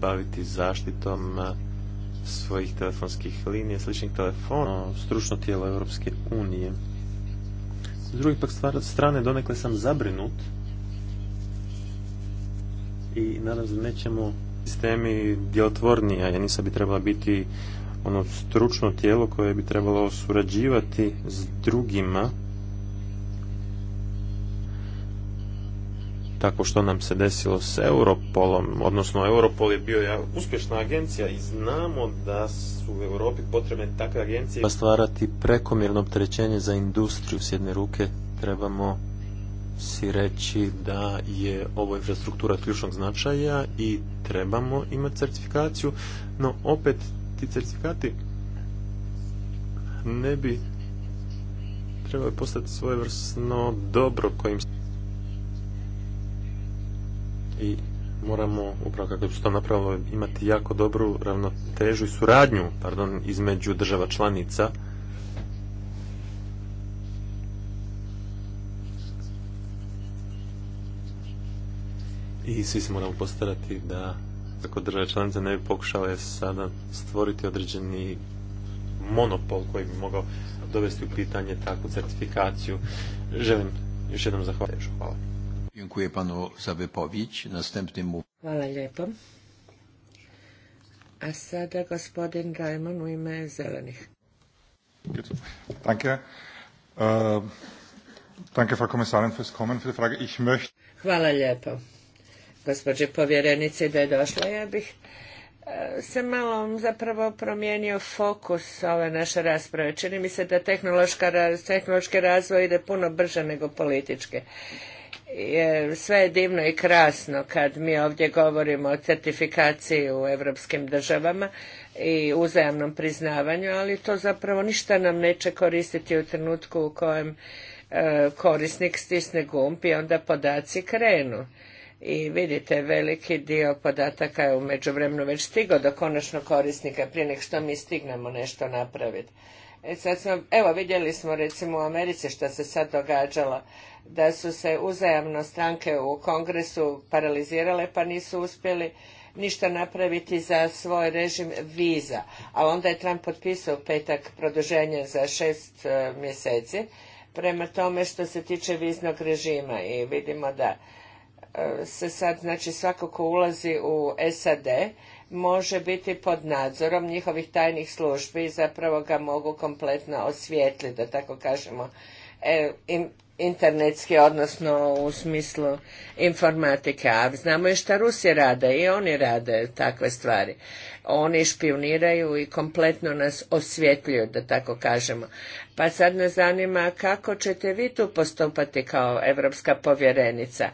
baviti zaštitom eh, svojih telefonskih linija, sličnih telefona, stručno tijelo Europske unije. S druge pak strane, donekle sam zabrinut i nadam se da nećemo sistemi djelotvornija, Ja nisam bi trebala biti ono stručno tijelo koje bi trebalo surađivati s drugima tako što nam se desilo s Europolom, odnosno Europol je bio uspješna agencija i znamo da su u Europi potrebne takve agencije. Pa stvarati prekomjerno opterećenje za industriju s jedne ruke trebamo si reći da je ovo infrastruktura ključnog značaja i trebamo imati certifikaciju, no opet ti certifikati ne bi trebali postati svojevrsno dobro kojim i moramo, upravo kako bi to napravilo, imati jako dobru ravnotežu i suradnju pardon, između država članica i svi se moramo postarati da kako država članica ne bi pokušale sada stvoriti određeni monopol koji bi mogao dovesti u pitanje takvu certifikaciju. Želim još jednom zahvaliti. Hvala. Dziękuję panu za wypowiedź. mów... Hvala lijepo. A sada gospodin Rajman u ime zelenih. Danke. danke, fürs Kommen, für die Frage. Ich möchte... Hvala lijepo. Gospođe povjerenice da je došla, ja bih uh, se malo zapravo promijenio fokus ove naše rasprave. Čini mi se da tehnološka, tehnološki razvoj ide puno brže nego političke je, sve je divno i krasno kad mi ovdje govorimo o certifikaciji u europskim državama i uzajamnom priznavanju, ali to zapravo ništa nam neće koristiti u trenutku u kojem e, korisnik stisne gumb i onda podaci krenu. I vidite, veliki dio podataka je u međuvremenu već stigao do konačnog korisnika prije nek što mi stignemo nešto napraviti. E, sad smo, evo vidjeli smo recimo u Americi što se sad događalo da su se uzajamno stranke u kongresu paralizirale pa nisu uspjeli ništa napraviti za svoj režim viza. A onda je Trump potpisao petak produženje za šest e, mjeseci. Prema tome što se tiče viznog režima i vidimo da e, se sad znači svako ko ulazi u SAD može biti pod nadzorom njihovih tajnih službi i zapravo ga mogu kompletno osvijetliti, da tako kažemo, e, internetski, odnosno u smislu informatike. A znamo i šta Rusi rade i oni rade takve stvari. Oni špioniraju i kompletno nas osvjetljuju, da tako kažemo. Pa sad nas zanima kako ćete vi tu postupati kao evropska povjerenica.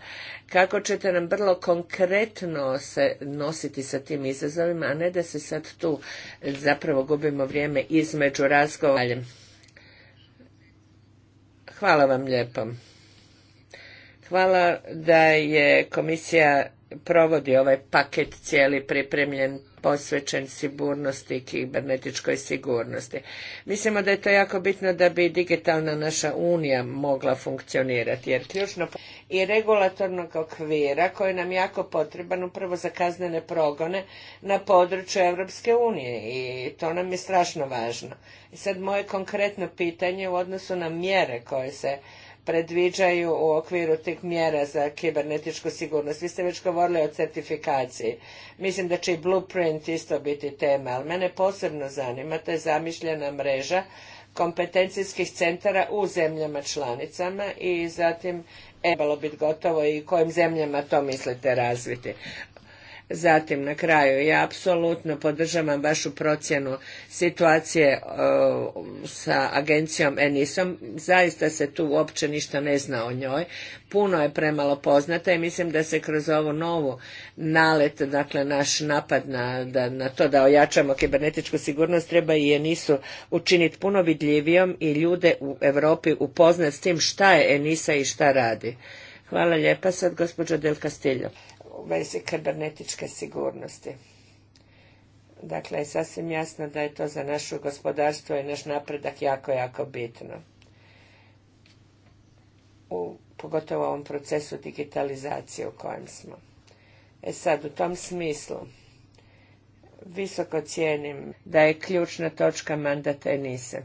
Kako ćete nam vrlo konkretno se nositi sa tim izazovima, a ne da se sad tu zapravo gubimo vrijeme između razgovaljem. Hvala vam lijepo. Hvala da je komisija provodi ovaj paket cijeli pripremljen posvećen sigurnosti i kibernetičkoj sigurnosti. Mislimo da je to jako bitno da bi digitalna naša unija mogla funkcionirati, jer ključno i regulatornog okvira koji nam jako potreban upravo za kaznene progone na području Europske unije i to nam je strašno važno. I sad moje konkretno pitanje u odnosu na mjere koje se predviđaju u okviru tih mjera za kibernetičku sigurnost. Vi ste već govorili o certifikaciji. Mislim da će i blueprint isto biti tema, ali mene posebno zanima, to je zamišljena mreža kompetencijskih centara u zemljama članicama i zatim e, trebalo biti gotovo i kojim zemljama to mislite razviti. Zatim, na kraju, ja apsolutno podržavam vašu procjenu situacije e, sa agencijom Enisom. Zaista se tu uopće ništa ne zna o njoj. Puno je premalo poznata i mislim da se kroz ovu novu nalet, dakle naš napad na, da, na to da ojačamo kibernetičku sigurnost, treba i Enisu učiniti puno vidljivijom i ljude u Europi upoznat s tim šta je Enisa i šta radi. Hvala lijepa sad gospođo Del Castillo vezi kibernetičke sigurnosti. Dakle, je sasvim jasno da je to za našu gospodarstvo i naš napredak jako, jako bitno. U, pogotovo u ovom procesu digitalizacije u kojem smo. E sad, u tom smislu, visoko cijenim da je ključna točka mandata ENISE.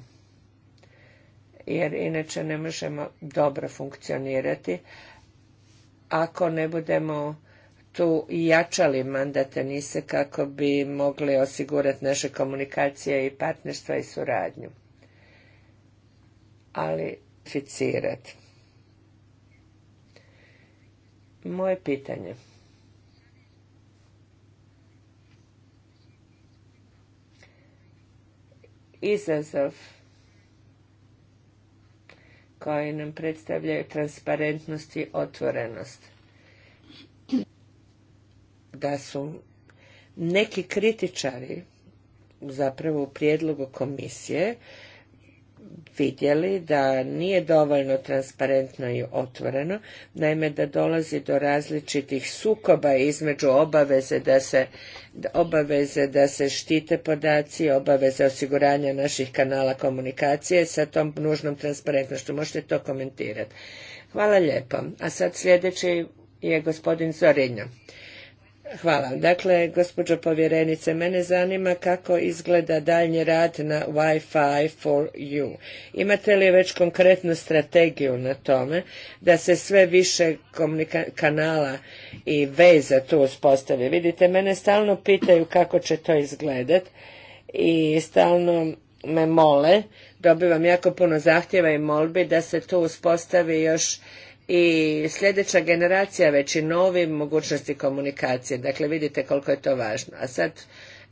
Jer inače ne možemo dobro funkcionirati ako ne budemo tu i jačali mandat nise kako bi mogli osigurati naše komunikacije i partnerstva i suradnju. Ali, ficirati. Moje pitanje. Izazov koji nam predstavljaju transparentnost i otvorenost da su neki kritičari zapravo u prijedlogu komisije vidjeli da nije dovoljno transparentno i otvoreno, naime da dolazi do različitih sukoba između obaveze da se, obaveze da se štite podaci, obaveze osiguranja naših kanala komunikacije sa tom nužnom transparentnošću. Možete to komentirati. Hvala lijepo. A sad sljedeći je gospodin Zorinja. Hvala. Dakle, gospođo povjerenice, mene zanima kako izgleda daljnji rad na Wi-Fi for you. Imate li već konkretnu strategiju na tome da se sve više kanala i veza tu uspostavi? Vidite, mene stalno pitaju kako će to izgledat i stalno me mole, dobivam jako puno zahtjeva i molbi da se tu uspostavi još i sljedeća generacija već i novi mogućnosti komunikacije. Dakle, vidite koliko je to važno. A sad,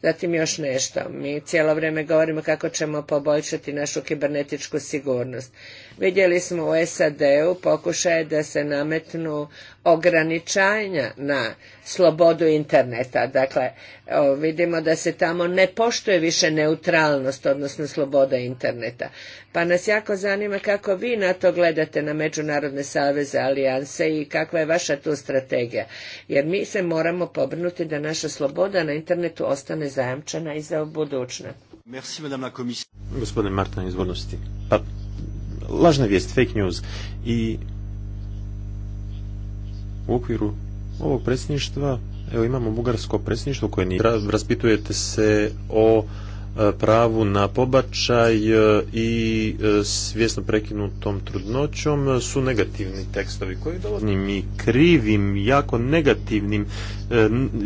zatim još nešto. Mi cijelo vrijeme govorimo kako ćemo poboljšati našu kibernetičku sigurnost. Vidjeli smo u SAD-u pokušaje da se nametnu ograničanja na slobodu interneta. Dakle, vidimo da se tamo ne poštuje više neutralnost, odnosno sloboda interneta. Pa nas jako zanima kako vi na to gledate na međunarodne saveze, alijanse i kakva je vaša tu strategija. Jer mi se moramo pobrinuti da naša sloboda na internetu ostane zajamčena i za budućnost. Merci, madame la Gospodine Martin, pa, lažna vijest, fake news i u okviru ovog predsjedništva, evo imamo bugarsko predsjedništvo koje nije. Raspitujete se o e, pravu na pobačaj e, i e, svjesno prekinutom trudnoćom su negativni tekstovi koji dolaze i krivim, jako negativnim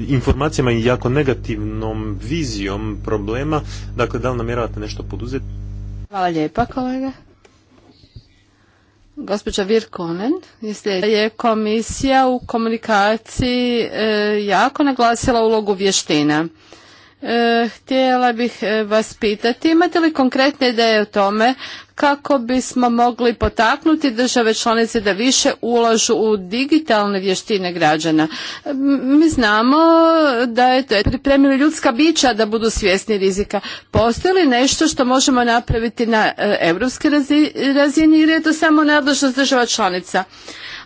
informacijama i jako negativnom vizijom problema. Dakle, da li namjeravate nešto poduzeti? Hvala lijepa kolega. Gospođa Virkonen je komisija u komunikaciji e, jako naglasila ulogu vještina. E, htjela bih e, vas pitati imate li konkretne ideje o tome kako bismo mogli potaknuti države članice da više ulažu u digitalne vještine građana. Mi znamo da je to pripremili ljudska bića da budu svjesni rizika. Postoji li nešto što možemo napraviti na europskoj razini ili je to samo nadležnost država članica?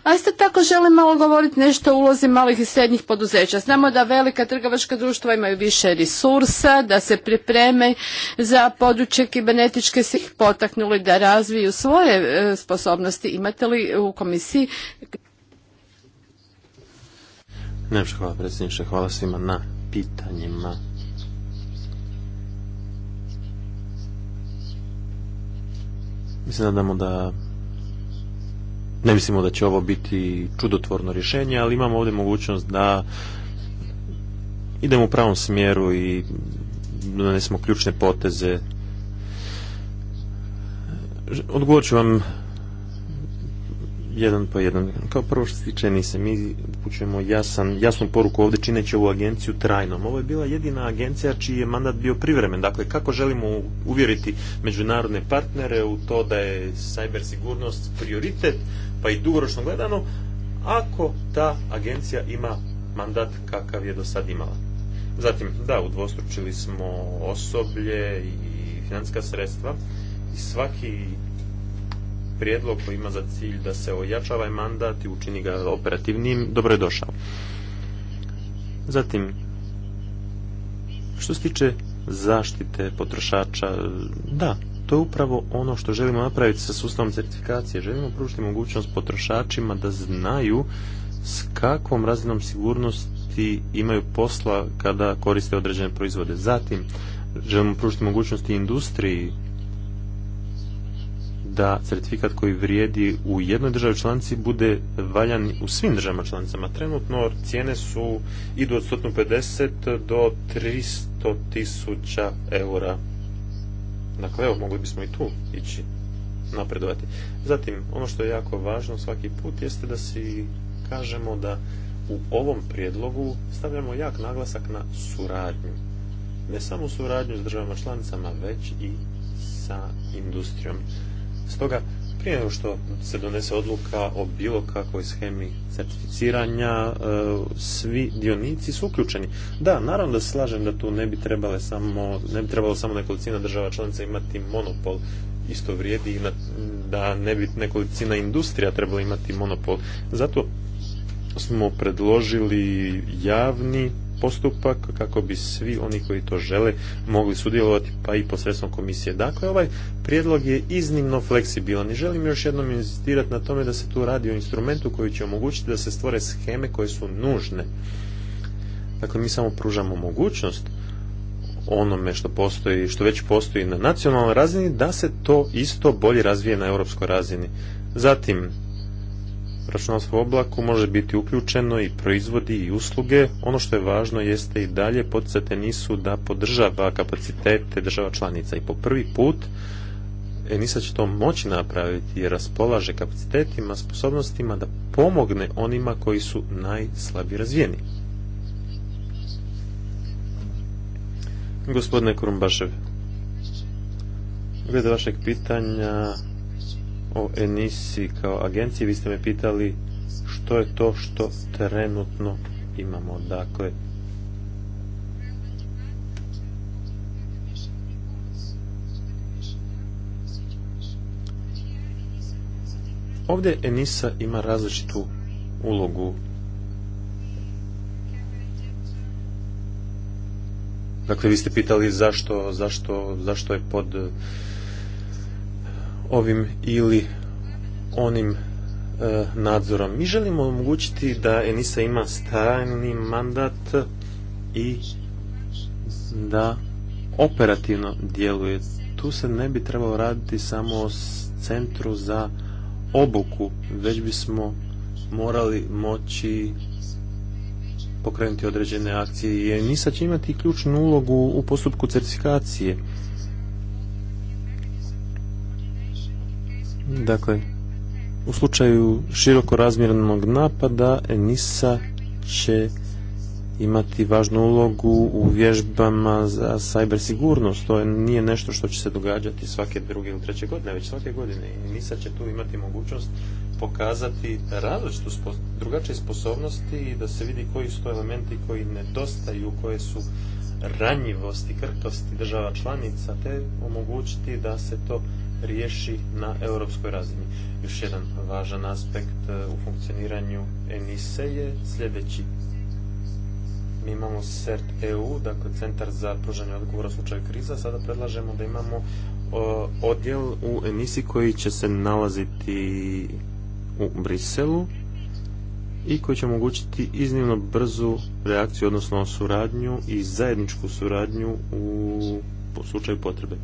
A isto tako želim malo govoriti nešto o ulozi malih i srednjih poduzeća. Znamo da velika trgovačka društva imaju više resursa, da se pripreme za područje kibernetičke se ih potaknuli da razviju svoje e, sposobnosti. Imate li u komisiji? Najpšte hvala predsjedniče, hvala svima na pitanjima. Mislim da damo da ne mislimo da će ovo biti čudotvorno rješenje, ali imamo ovdje mogućnost da idemo u pravom smjeru i donesemo ključne poteze. Odgovorit ću vam jedan po jedan. Kao prvo što se tiče mi upućujemo jasnu poruku ovdje čineći ovu agenciju trajnom. Ovo je bila jedina agencija čiji je mandat bio privremen. Dakle, kako želimo uvjeriti međunarodne partnere u to da je cyber sigurnost prioritet, pa i dugoročno gledano, ako ta agencija ima mandat kakav je do sad imala. Zatim, da, udvostručili smo osoblje i financijska sredstva i svaki prijedlog koji ima za cilj da se ojača ovaj mandat i učini ga operativnim, dobro je došao. Zatim, što se tiče zaštite potrošača, da, to je upravo ono što želimo napraviti sa sustavom certifikacije. Želimo pružiti mogućnost potrošačima da znaju s kakvom razinom sigurnosti imaju posla kada koriste određene proizvode. Zatim, želimo pružiti mogućnosti industriji da certifikat koji vrijedi u jednoj državi članici bude valjan u svim državama članicama. Trenutno cijene su idu od 150 do 300 tisuća eura. Dakle, evo, mogli bismo i tu ići napredovati. Zatim, ono što je jako važno svaki put jeste da si kažemo da u ovom prijedlogu stavljamo jak naglasak na suradnju. Ne samo suradnju s državama članicama, već i sa industrijom. Stoga, prije nego što se donese odluka o bilo kakvoj schemi certificiranja, e, svi dionici su uključeni. Da, naravno da se slažem da tu ne bi, trebale samo, ne bi trebalo samo nekolicina država članica imati monopol. Isto vrijedi i da ne bi nekolicina industrija trebala imati monopol. Zato smo predložili javni postupak kako bi svi oni koji to žele mogli sudjelovati pa i posredstvom komisije. Dakle, ovaj prijedlog je iznimno fleksibilan i želim još jednom insistirati na tome da se tu radi o instrumentu koji će omogućiti da se stvore scheme koje su nužne. Dakle, mi samo pružamo mogućnost onome što postoji, što već postoji na nacionalnoj razini, da se to isto bolje razvije na europskoj razini. Zatim, računalstvo u oblaku može biti uključeno i proizvodi i usluge. Ono što je važno jeste i dalje podsjete nisu da podržava kapacitete država članica i po prvi put ENISA će to moći napraviti jer raspolaže kapacitetima, sposobnostima da pomogne onima koji su najslabije razvijeni. Gospodine Kurumbašev, glede vašeg pitanja o Enisi kao agenciji, vi ste me pitali što je to što trenutno imamo. Dakle, Ovdje Enisa ima različitu ulogu. Dakle, vi ste pitali zašto, zašto, zašto je pod ovim ili onim e, nadzorom. Mi želimo omogućiti da Enisa ima stajni mandat i da operativno djeluje. Tu se ne bi trebalo raditi samo o centru za obuku, već bismo morali moći pokrenuti određene akcije. Enisa će imati ključnu ulogu u postupku certifikacije Dakle, u slučaju široko razmjernog napada NISA će imati važnu ulogu u vježbama za cyber sigurnost. To nije nešto što će se događati svake druge ili treće godine, već svake godine. I NISA će tu imati mogućnost pokazati različitu, drugačije sposobnosti i da se vidi koji su to elementi koji nedostaju, koje su ranjivosti, krhkosti država članica, te omogućiti da se to riješi na europskoj razini. Još jedan važan aspekt e, u funkcioniranju emise je sljedeći. Mi imamo CERT EU, dakle Centar za pružanje odgovora u slučaju kriza. Sada predlažemo da imamo e, odjel u ENISI koji će se nalaziti u Briselu i koji će omogućiti iznimno brzu reakciju, odnosno suradnju i zajedničku suradnju u slučaju potrebe.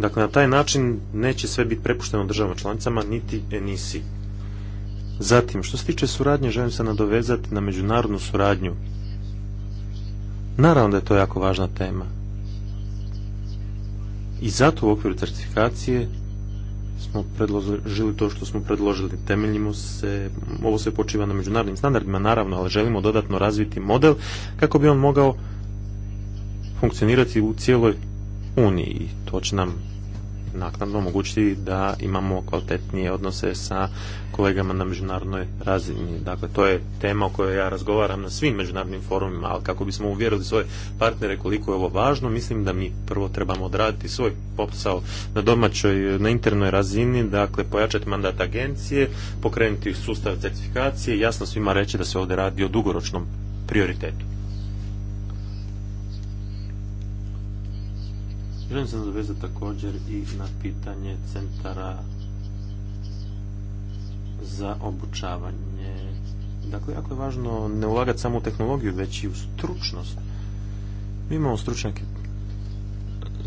Dakle, na taj način neće sve biti prepušteno državama članicama, niti enisi. Zatim, što se tiče suradnje, želim se nadovezati na međunarodnu suradnju. Naravno da je to jako važna tema. I zato u okviru certifikacije smo predložili to što smo predložili. Temeljimo se, ovo se počiva na međunarodnim standardima, naravno, ali želimo dodatno razviti model kako bi on mogao funkcionirati u cijeloj uniji. To će nam naknadno omogućiti da imamo kvalitetnije odnose sa kolegama na međunarodnoj razini. Dakle, to je tema o kojoj ja razgovaram na svim međunarodnim forumima, ali kako bismo uvjerili svoje partnere koliko je ovo važno, mislim da mi prvo trebamo odraditi svoj posao na domaćoj, na internoj razini, dakle, pojačati mandat agencije, pokrenuti sustav certifikacije, jasno svima reći da se ovdje radi o dugoročnom prioritetu. Želim se nadovezati također i na pitanje centara za obučavanje. Dakle, jako je važno ne ulagati samo u tehnologiju, već i u stručnost. Mi imamo stručnjake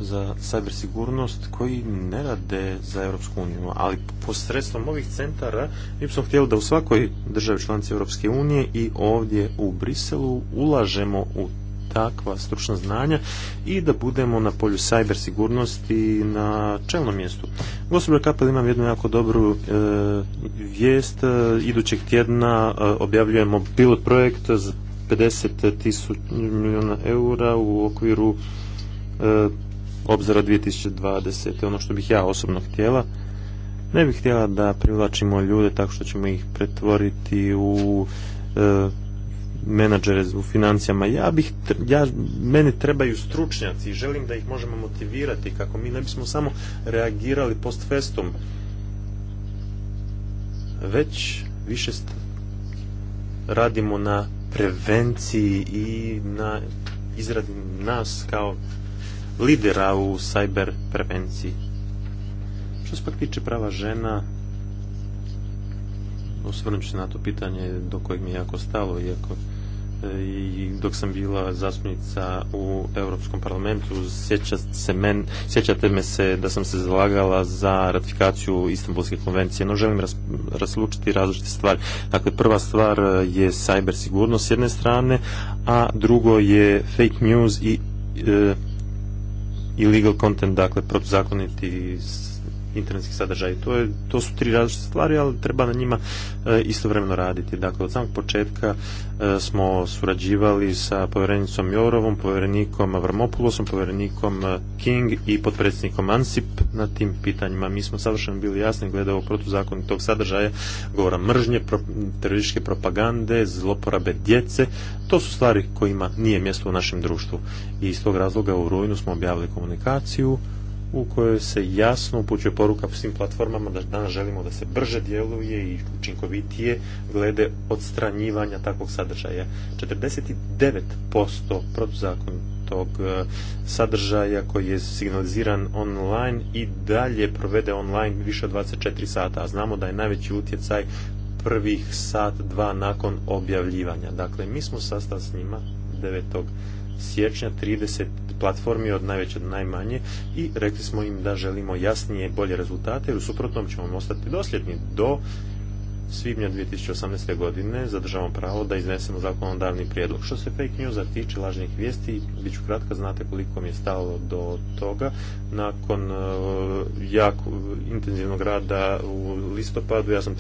za cybersigurnost koji ne rade za Europsku uniju, ali posredstvom ovih centara mi smo htjeli da u svakoj državi članici Europske unije i ovdje u Briselu ulažemo u takva stručna znanja i da budemo na polju cyber sigurnosti na čelnom mjestu. Gospodin Kapel imam jednu jako dobru e, vijest. E, idućeg tjedna e, objavljujemo pilot projekt za 50 milijuna eura u okviru e, obzora 2020. Ono što bih ja osobno htjela ne bih htjela da privlačimo ljude tako što ćemo ih pretvoriti u e, menadžere u financijama. Ja bih, ja, meni trebaju stručnjaci i želim da ih možemo motivirati kako mi ne bismo samo reagirali post festom. Već više radimo na prevenciji i na izradi nas kao lidera u cyber prevenciji. Što se pak tiče prava žena, osvrnut ću se na to pitanje do kojeg mi je jako stalo, iako i dok sam bila zastupnica u Europskom parlamentu sjećate, se men, me se da sam se zalagala za ratifikaciju Istanbulske konvencije no želim ras, raslučiti različite stvari dakle prva stvar je cyber sigurnost s jedne strane a drugo je fake news i e, illegal content dakle protuzakoniti internetski sadržaj. To, je, to su tri različite stvari, ali treba na njima eh, istovremeno raditi. Dakle, od samog početka eh, smo surađivali sa povjerenicom Jorovom, povjerenikom Avramopulosom, povjerenikom eh, King i potpredsjednikom Ansip na tim pitanjima. Mi smo savršeno bili jasni glede ovog protuzakonitog sadržaja, govora mržnje, terorističke propagande, zloporabe djece. To su stvari kojima nije mjesto u našem društvu. I iz tog razloga u rujnu smo objavili komunikaciju u kojoj se jasno upućuje poruka svim platformama da danas želimo da se brže djeluje i učinkovitije glede odstranjivanja takvog sadržaja. 49% protuzakonitog e, sadržaja koji je signaliziran online i dalje provede online više od 24 sata, a znamo da je najveći utjecaj prvih sat, dva nakon objavljivanja. Dakle, mi smo sastali s njima 9 siječnja 30 platformi od najveće do najmanje i rekli smo im da želimo jasnije i bolje rezultate jer u suprotnom ćemo ostati dosljedni do svibnja 2018. godine zadržavamo pravo da iznesemo zakonodavni prijedlog. Što se fake newsa tiče lažnih vijesti, bit ću kratka, znate koliko mi je stalo do toga. Nakon eh, jako intenzivnog rada u listopadu, ja sam